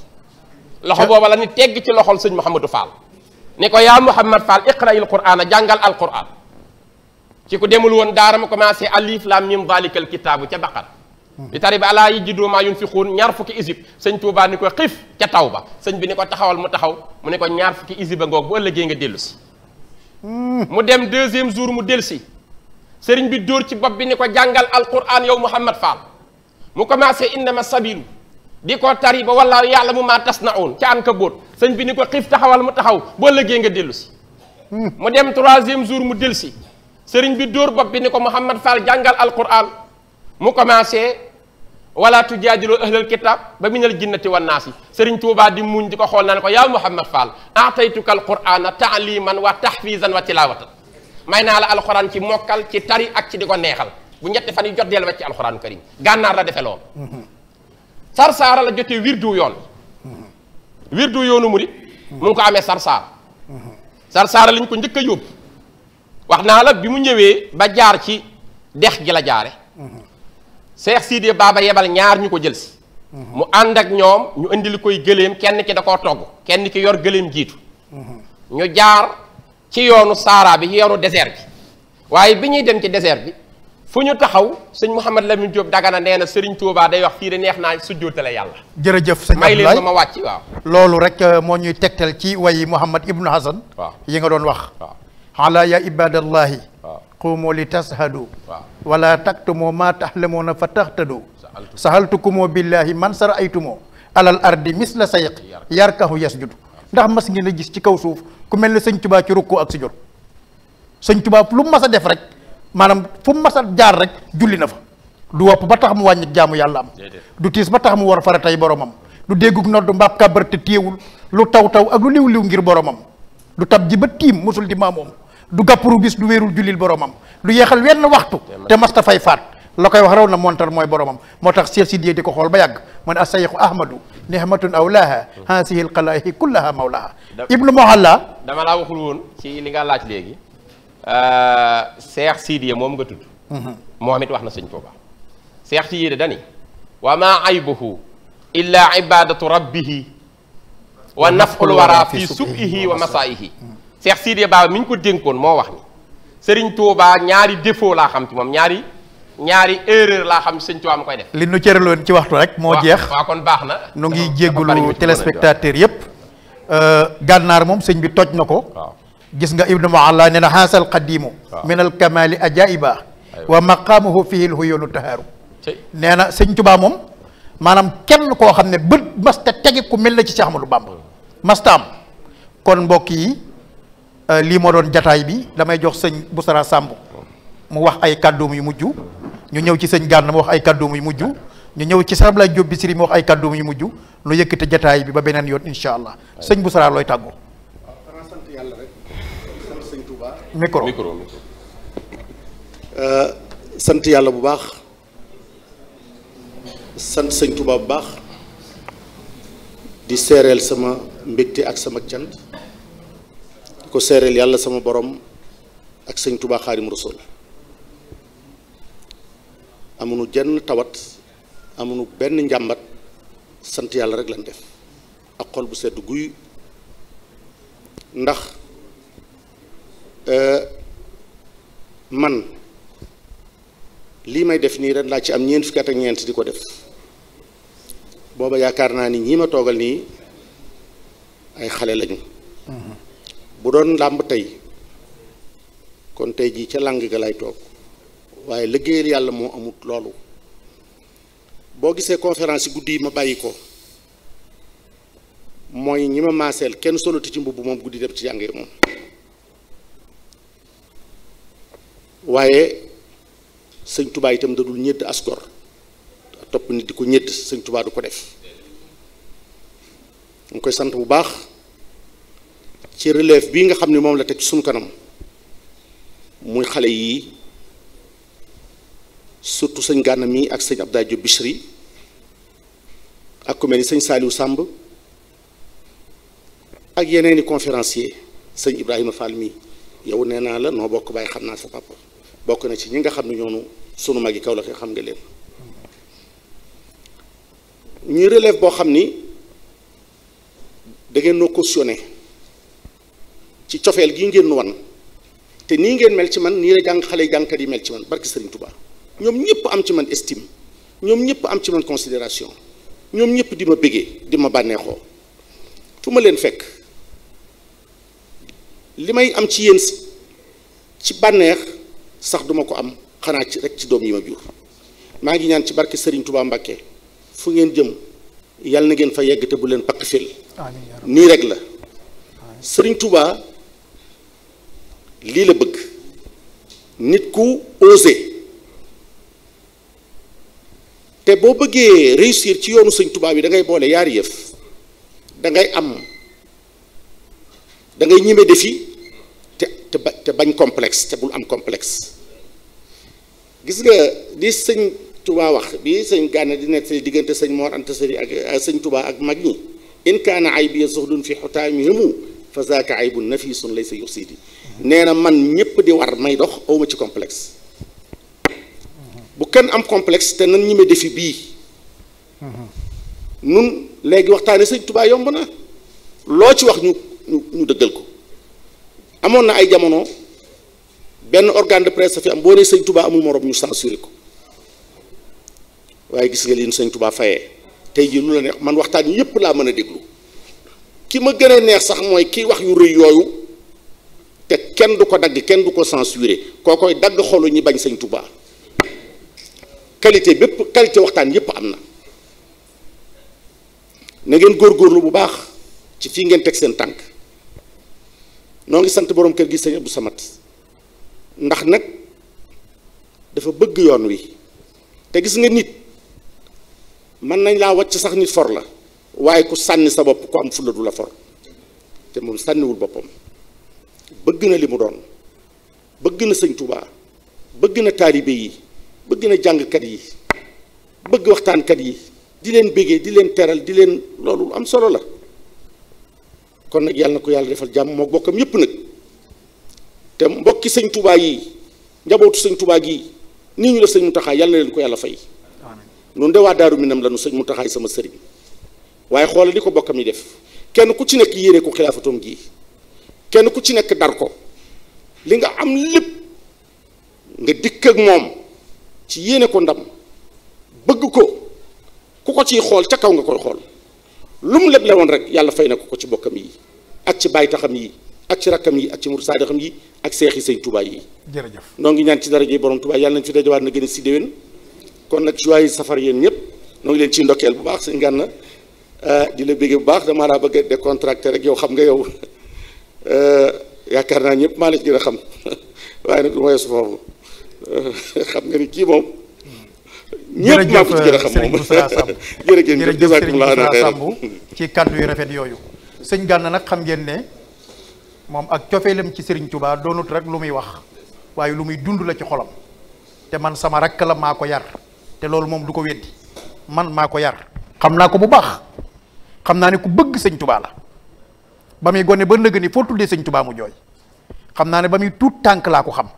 S4: loxo booba la ni tegg ci loxol sëñ Mouhamadou faal ni ko yaa Mouhamad Fall iqra'il qur'aana jàngal alquran ci ko demul woon daara ma commencé alif lam mim zalikal kitaabu ca baqar li hmm. tari bi ji yajidu maa yunfiquun ñaar fukki isib sëñ Touba ni ko xif ca taw ba sëñ bi ni ko taxawal mu taxaw mu ne ko ñaar fukki isib a ngoog bu ëllëgee nga dellu si hmm. mu dem deuxième jour mu dellu si sëriñ bi dóor ci bopp bi ni ko jàngal alquran yow Mouhamad Fall mu commencé innama sabilu di ko tari ba wallaahu yàlla mu maa tas na oon ca an ka bóot sëñ bi ni ko xiif taxawal mu taxaw boo lëggee nga dellu si mu dem troisième jour mu dellu si sëriñ bi dóor bopp bi ni ko Mouhamad Fall jàngal alquran mu commencé wala tujaadilu ahlal kitab ba minal jinnati wan naasi sëriñ Tuubaa di muñ di ko xool naa ne ko yaa Mouhamad Fall aataytuka alqurana taaliman wa tahfisan wa tilawatan may naa la alquran ci mokkal ci tari ak ci di neexal bu ñetti fan yi jot deel wecc alquran karim gànnaar la defe lool sarsaara la jotee wirdu yoon wirdu yoonu murit mu ngi ko amee sarsaara sarsaara lañ ko njëkk a yóbbu wax naa la bi mu ñëwee ba jaar ci dex gi la jaare seex de baaba yebal ñaar ñu ko jël si mu ànd ak ñoom ñu indi li koy gëléem kenn ki da koo togg kenn ki yor gëléem jiitu ñu jaar ci yoonu saara bi ci yoonu désert bi waaye bi ñuy dem ci désert bi fu ñu taxaw sëñ Mouhamed Lamine Diop Dagana nee na Serigne Touba day wax fii de neex naa sujjootale yàlla.
S1: jërëjëf sëñ Abdoulaye may leen ko ma wàcc waaw. loolu rek euh, moo ñuy tegtal ci wayi Mouhamed Ibn Hassan. waaw yi nga doon wax. waaw ala ya ibadallahi. waaw qumu li tashadu. waaw wala taktumu ma taxlamuuna fa taxtadu. sahaltukumu billahi man sara aytumu alal ardi misla sayq yarkahu yasjudu ndax mas ngeen a gis ci kaw suuf ku mel ni sëñ tubaa ci rukku ak sujjoot sëñ Touba lu mu a def rek. maanaam fu mu jaar rek julli na fa du wopp ba tax mu wàññi jaamu yàlla am du tiis ba tax mu war fara tey boromam du déggug nodd mbaab kàbbar te téewul lu taw taw ak lu liw liw ngir boromam du tab ji ba tiim musul di maamoom du gàppuru bis du weerul jullil boromam du yeexal wenn waxtu te masta fay faat la koy wax raw na montar mooy boromam moo tax Cheikh Sidiye di ko xool ba yàgg mu ne asayixu ahmadu nihmatun awlaha hasihi alqalaahi kullaha mawlaha
S4: ibnu mohalla dama laa waxul woon ci li nga laaj léegi seex euh, siidiya moom nga tudd mhm. moom it wax na sëñ Tuuba seex siidiya dani wa maa aybuhu illa ibadatu rabbihi wa naful wara fi subihi wa masaihi seex siidiya baaba mi ñu ko dénkoon moo wax ni sëriñ Tuuba ñaari défaut laa xam ci moom ñaari ñaari erreur laa xam sëñ Tuuba ma koy def
S1: li nu cëraloon ci waxtu rek moo jeex
S4: kon baax na nu ngi jéggulu téléspectateur
S1: yépp euh, gànnaar moom sëñ bi toj na ko gis nga ibnu mualla ne na xaasal qadimu min al kamali ajaiba wa maqamuhu fihi l huyulu tahaaru nee na sëñ tubaa moom maanaam kenn koo xam ne bët masta tegi ku mel na ci Cheikh lu Bamba masta am kon mbokk yi euh, lii moo doon jataay bi damay jox sëñ Busara Samb mu wax ay kàdduum yu mujju ñu ñëw ci sëñ Gànn mu wax ay kàdduum yu mujj ñu ñëw ci sarab lay Jóob Bisiri mu wax ay kàdduum yu mujj lu yëkkate jataay bi ba beneen yoon incha allah sëñ Busara looy
S3: tàggoo yàlla rek euh, sant sëñ yàlla bu baax sant sëñ Touba bu baax di seereel sama mbégte ak sama can ko seereel yàlla sama borom ak sëñ Touba Xaadim Rasul amuñu jenn tawat amunu benn njàmbat sant yàlla rek lañ def ak xol bu sedd guy. ndax euh, man lii may def nii ren laa ci am ñeent fukki at ak ñeent di ko def booba yaakaar naa ni ñii ma toogal nii ay xale lañu mm-hmm. bu doon ndàmb tey kon tey jii ca làng ga lay toog waaye liggéeyal yàlla moo amut loolu boo gisee conférence guddi yi ma bàyyi ko mooy ñi ma maaseel kenn soloti ci mbubb moom guddi dem ci jànge moom waaye sëñ tubaa itam da dul ñëdd asgor topp nit di ko ñëdd sëñ tubaa du ko def mu koy sant bu baax ci relève bii nga xam ne moom la teg suñ kanam muy xale yi surtout sëñ gànna mi ak sëñ Abdoulaye Diop Bichri ak ku mel ni sëñ Saliou sàmb ak yeneen i conférencier sëñ Ibrahima Fall mii yow nee naa la noo bokk bàyyi xam naa sa papa bokk na ci ñi nga xam ne ñoonu sunu mag yi kaw la xam nga leen ñuy relève boo xam ni dangeen ngeen noo cautionné ci cofeel gii ngeen wan te nii ngeen mel ci man nii la jàng xale yi jàngkat yi mel ci man barki Serigne Touba ñoom ñëpp am ci man estime ñoom ñëpp am ci man considération ñoom ñëpp di ma bëggee di ma bànneexoo fu ma leen fekk. li may am ci yéen ci bànneex sax duma ko am xanaa ci rek ci doom yi ma jur maa ngi ñaan ci barke sëriñ tubaa Mbacké fu ngeen jëm yàlla na ngeen fa yegg te bu leen pakk fil nii rek la sëriñ tubaa lii la bëgg nit ku osé te boo bëggee réussir ci yoonu sëñ Touba bi da ngay boole yaari yëf dangay am da ngay ñeme défi te te ba te bañ complexe te bul am complex gis nga di sëñ tubaa wax bi sëñ Gana di nekk diggante sëñ Mor Anta Sali ak sëñ Touba ak mag ñi in kaana aybi zuhdun fi xutaamihimu fa zaaka bu nafisun laysa yuxsidi nee na man ñépp di war may dox awma ci complexe bu kenn am complexe te nan ñime defi bii mm-hmm. nun léegi waxtaane sëñ tubaa yomb na loo ci wax ñu ñu ñu dëggal ko amoon na ay jamono benn organe de presse fi am boo nee sëñ Touba amul morom ñu censuré ko waaye gis nga leen sëñ Touba fayee tey jii lu la ne man waxtaan yépp laa mën a déglu ki ma gën a neex sax mooy kii wax yu rëy yooyu te kenn du ko dagg kenn du ko censuré koo koy dagg xolu ñi bañ sëñ Touba qualité bépp qualité waxtaan yépp am na na góor góorlu bu baax ci fii ngeen teg seen tànk noo ngi sant boroom kër gi sëñ Abdou Samad ndax nag dafa bëgg yoon wi te gis nga nit mën nañ laa wàcc sax nit for la waaye ku sànni sa bopp ku am fulla du la for te moom sànniwul boppam bëgg na li mu doon bëgg na sëñ Touba bëgg na taalibe yi bëgg na jàngkat yi bëgg waxtaankat yi di leen bégee di leen teral di leen loolu am solo la kon nag yàlla na ko yàlla defal jàmm moo bokkam yépp nag te mbokki sëñ tubaay yi njabootu sëñ tubaa gii nii ñu def sëñ Muntaxa yàlla na leen ko yàlla fay noonu de daaru minam lanu sëñ Muntaxa sama sëriñ waaye xoola li ko bokkam yi def kenn ku ci nekk yéene ko xilaafatoom gii kenn ku ci nekk dar ko li nga am lépp nga dikk ak moom ci yéene ko ndam bëgg ko ku ko ciy xool ca kaw nga koy xool lu mu la woon rek yàlla fay na ko ko ci bokkam yi ak ci bàyyi taxam yi ak ci rakkam yi ak ci murid saadixam yi ak seexi sëñ Tuubaa yi. jërëjëf noo ngi ñaan ci ji borom Tuubaa yàlla nañ fi dajawaat na gën a si déwén kon nag joyeux safar yéen ñëpp noo ngi leen ci ndokkeel bu baax sëñ Gana euh, di la béggee bu baax damaa laa bëggee a décontracté rek yow xam nga yow euh, yaakaar naa ñëpp maa la ci a xam waaye nag du ma yeesu foofu euh, xam nga ni kii moom. ñëpp maa ko ci gën a xam moom jërëjëf Sëriñ Moussa Samb
S1: ci kàddu yu rafet yooyu sëñ Gana nag xam ngeen ne moom ak cofeelam ci Sëriñ Touba doonut rek lu muy wax waaye lu muy dund la ci xolam te man sama rakk la maa ko yar te loolu moom du ko weddi man maa ko yar xam naa ko bu baax xam naa ne ku bëgg sëñ Touba la ba muy gone ba nëgg ni foo tuddee sëñ Touba mu jooy xam naa ne ba muy tuut tànk laa ko xam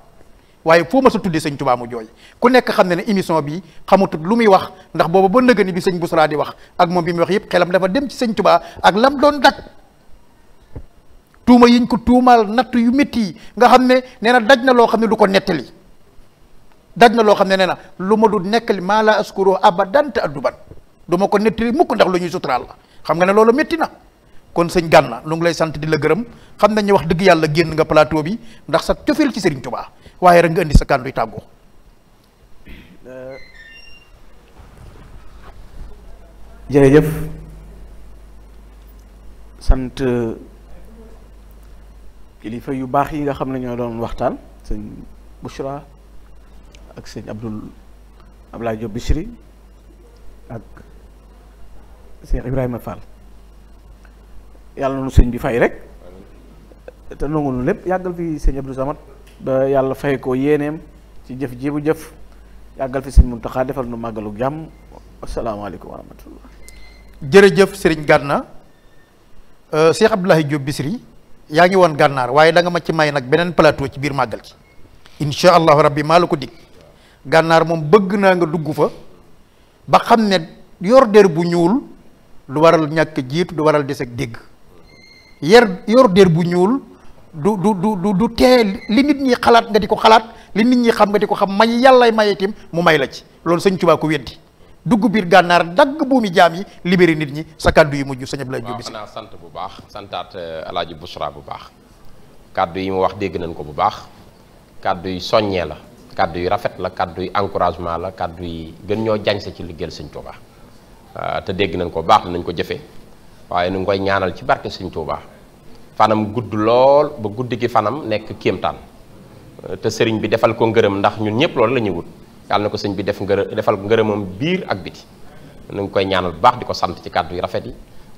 S1: waaye foo ma sa tuddee sëñ Tuubaa mu jooy ku nekk xam ne ne émission bi xamutut lu muy wax ndax booba ba ni bi sëñ Busra di wax ak moom bi muy wax yëpp xelam dafa dem ci sëñ Tuubaa ak lam doon daj tuuma yiñ ko tuumaal natt yu metti yi nga xam ne nee na daj na loo xam ne du ko nettali daj na loo xam ne nee na lu ma du nekkali maa laa askuro abadan te adduban du ma ko nettali mukk ndax lu ñuy suturaal la xam nga ne loolu métti na kon sëñ Gana lu ngi lay sant di la gërëm xam nañ ne wax dëgg yàlla génn nga plateau bi ndax sa cofeel ci Serigne Touba waaye rek nga indi sa kàddu yi tàggoo.
S2: jërëjëf sant uh, kilifa yu baax yi nga xam ne ñoo doon waxtaan sëñ Bouchra ak sëñ Abdul Abdoulaye Diop Bichri ak sëñ Ibrahima Fall yàlla na nu sëñ bi fay rek te nangu lépp yàggal fi sëñ Abdou Samad ba yàlla fay koo yéeneem ci jëf ji bu jëf yàggal fi sëñ Muntaxa defal nu màggalu jàmm asalaamaaleykum wa
S1: rahmatullah jërëjëf sëriñ Gànna euh, Cheikh Abdoulaye Diop Bichri yaa ngi woon gànnaar waaye da nga ma ci may nag beneen plateau ci biir màggal ci incha allahu rabbi maa la ko dig gànnaar moom bëgg naa nga dugg fa ba xam ne yor der bu ñuul lu waral ñàkk jiit du waral des ak dégg yor der bu ñuul du du du du tee li nit ñi xalaat nga di ko xalaat li nit ñi xam nga di ko xam may yàllay may itam mu may la ci loolu sëñ Tuubaa ko weddi dugg biir gànnaar dagg buumi jaam yi libéré nit ñi sa kaddu yi mujj sëñ Abdoulaye Diop waaw
S4: xanaa sant bu baax santaat El euh, Hadj Bouchra bu baax kàddu yi mu wax dégg nañ ko bu baax kàddu yi soññee la kàddu yi rafet la kàddu yi encouragement la kàddu yi gën ñoo jañ sa ci liggéeyal sëñ euh, te dégg nañ ko baax nañ ko jëfee waaye nu ngi koy ñaanal ci barke sëñ Tuubaa fanam gudd lool ba guddi gi fanam nekk kéemtaan te sëriñ bi defal ko ngërëm ndax ñun ñëpp loolu la ñuy wut yàlla na ko sëñ bi def ngërë defal ngërëmam biir ak biti nu ngi koy ñaanal bu baax di ko sant ci kàddu yu rafet yi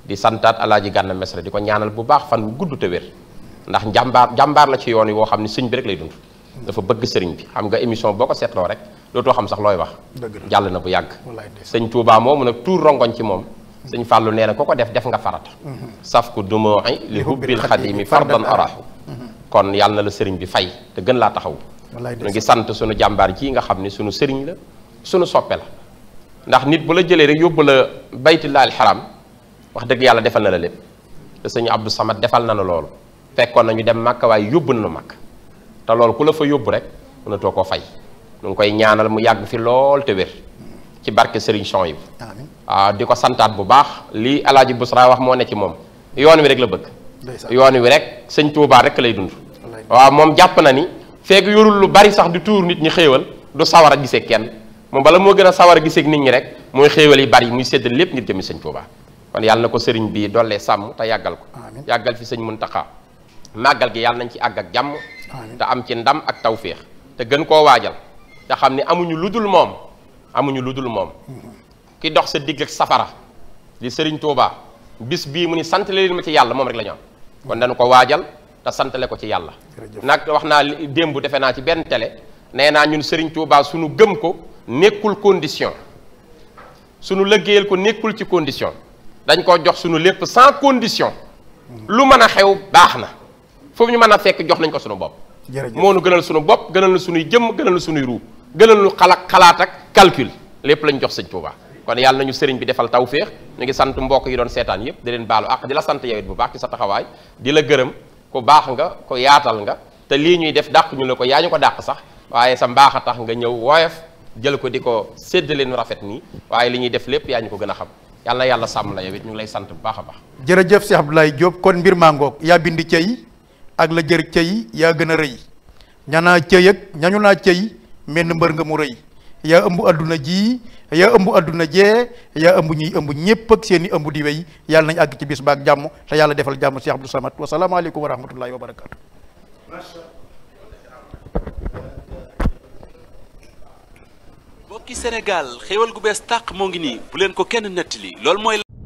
S4: di santaat alaaji Gana Messere di ko ñaanal bu baax fan gudd te wér ndax jàmbaar jàmbaar la ci yoon yi woo xam ne sëñ bi rek lay dund dafa bëgg sëriñ bi xam nga émission boo ko seetloo rek dootoo xam sax looy wax jàll na bu yàgg sëñ Tuubaa moomu nag tuur rongoñ ci moom sëñ Fallou nee na ku ko def def nga farata saf ku dumoo ay li hubbil xadimi fardan arahu kon yàlla na la sëriñ bi fay te gën laa taxaw ñu ngi sant suñu jàmbaar ji nga xam ne suñu sëriñ la suñu soppe la ndax nit bu la jëlee rek yóbbu la baytullaahil xaram wax dëgg yàlla defal na la lépp te sëñ Abdou Samad defal na la loolu fekkoon nañu dem màkk waaye yóbbu nañu màkk te loolu ku la fa yóbbu rek mënatoo koo fay ñu ngi koy ñaanal mu yàgg fi lool ci barke Serigne Chouaib waaw ah, di ko santaat bu baax lii alaaji Busra wax moo ne ci moom yoon wi rek la bëgg yoon wi rek sëñ Touba rek lay dund waaw moom jàpp na ni fekk yorul lu bari sax di tuur nit ñi xéewal du sawar a gisee kenn moom bala moo gën a sawar a gisee nit ñi rek mooy xéewal yi bari muy séddal lépp ngir jëmi sëñ Touba kon yàlla ko sëriñ bii dollee sàmm te yàggal ko yàggal fi sëñ Muntaxa màggal gi yàlla nañ ci àgg ak jàmm te am ci ndam ak tawféex te gën koo waajal te xam amuñu lu dul moom amuñu lu dul moom ki dox sa digg ak safara di sëriñ Touba bis bii mu ni santale leen ma ci yàlla moom rek lañu am kon dañu ko waajal te santale ko ci yàlla nag wax naa démb defe naa ci benn tele nee naa ñun Serigne Touba suñu gëm ko nekkul condition sunu lëggéeyal ko nekkul ci condition dañ ko jox suñu lépp sans condition lu mën a xew baax na foofu ñu mën a fekk jox nañ ko suñu bopp moo nu gënal suñu bopp gënal na suñuy jëmm gënal na suñuy ruu gënal calcul lépp lañ jox sëñ Touba kon yàlla ñu sëriñ bi defal tawféex ñu ngi sant mbokk yi doon seetaan yëpp di leen baalu ak di la sant yow bu baax ci sa taxawaay di la gërëm ku baax nga ku yaatal nga te lii ñuy def dàq ñu la ko yaa ñu ko dàq sax waaye sa mbaax a tax nga ñëw woyof jël ko di ko sédd leen rafet nii waaye li ñuy def lépp yaa ñu ko gën a xam yàlla yàlla sàmm la yow it ñu ngi lay sant bu baax a baax
S1: jërëjëf Cheikh Abdoulaye Diop kon mbir maa yaa bind cey ak la jër cey yaa gën a rëy ña naa cey ak ñañu naa cey menn mbër nga mu rëy yaa ëmb adduna ji yaa ëmb adduna jee yaa ëmb ñuy ëmb ñépp ak seen i ëmb di wéy yàlla nañ àgg ci bis baak jàmm te yàlla defal jàmm Cheikh Abdou Samad wasalaamaaleykum wa rahmatullahi wa barakaatu
S3: mbokki Sénégal xéewal gu bees tàq moo ngi nii bu leen ko kenn nettali loolu mooy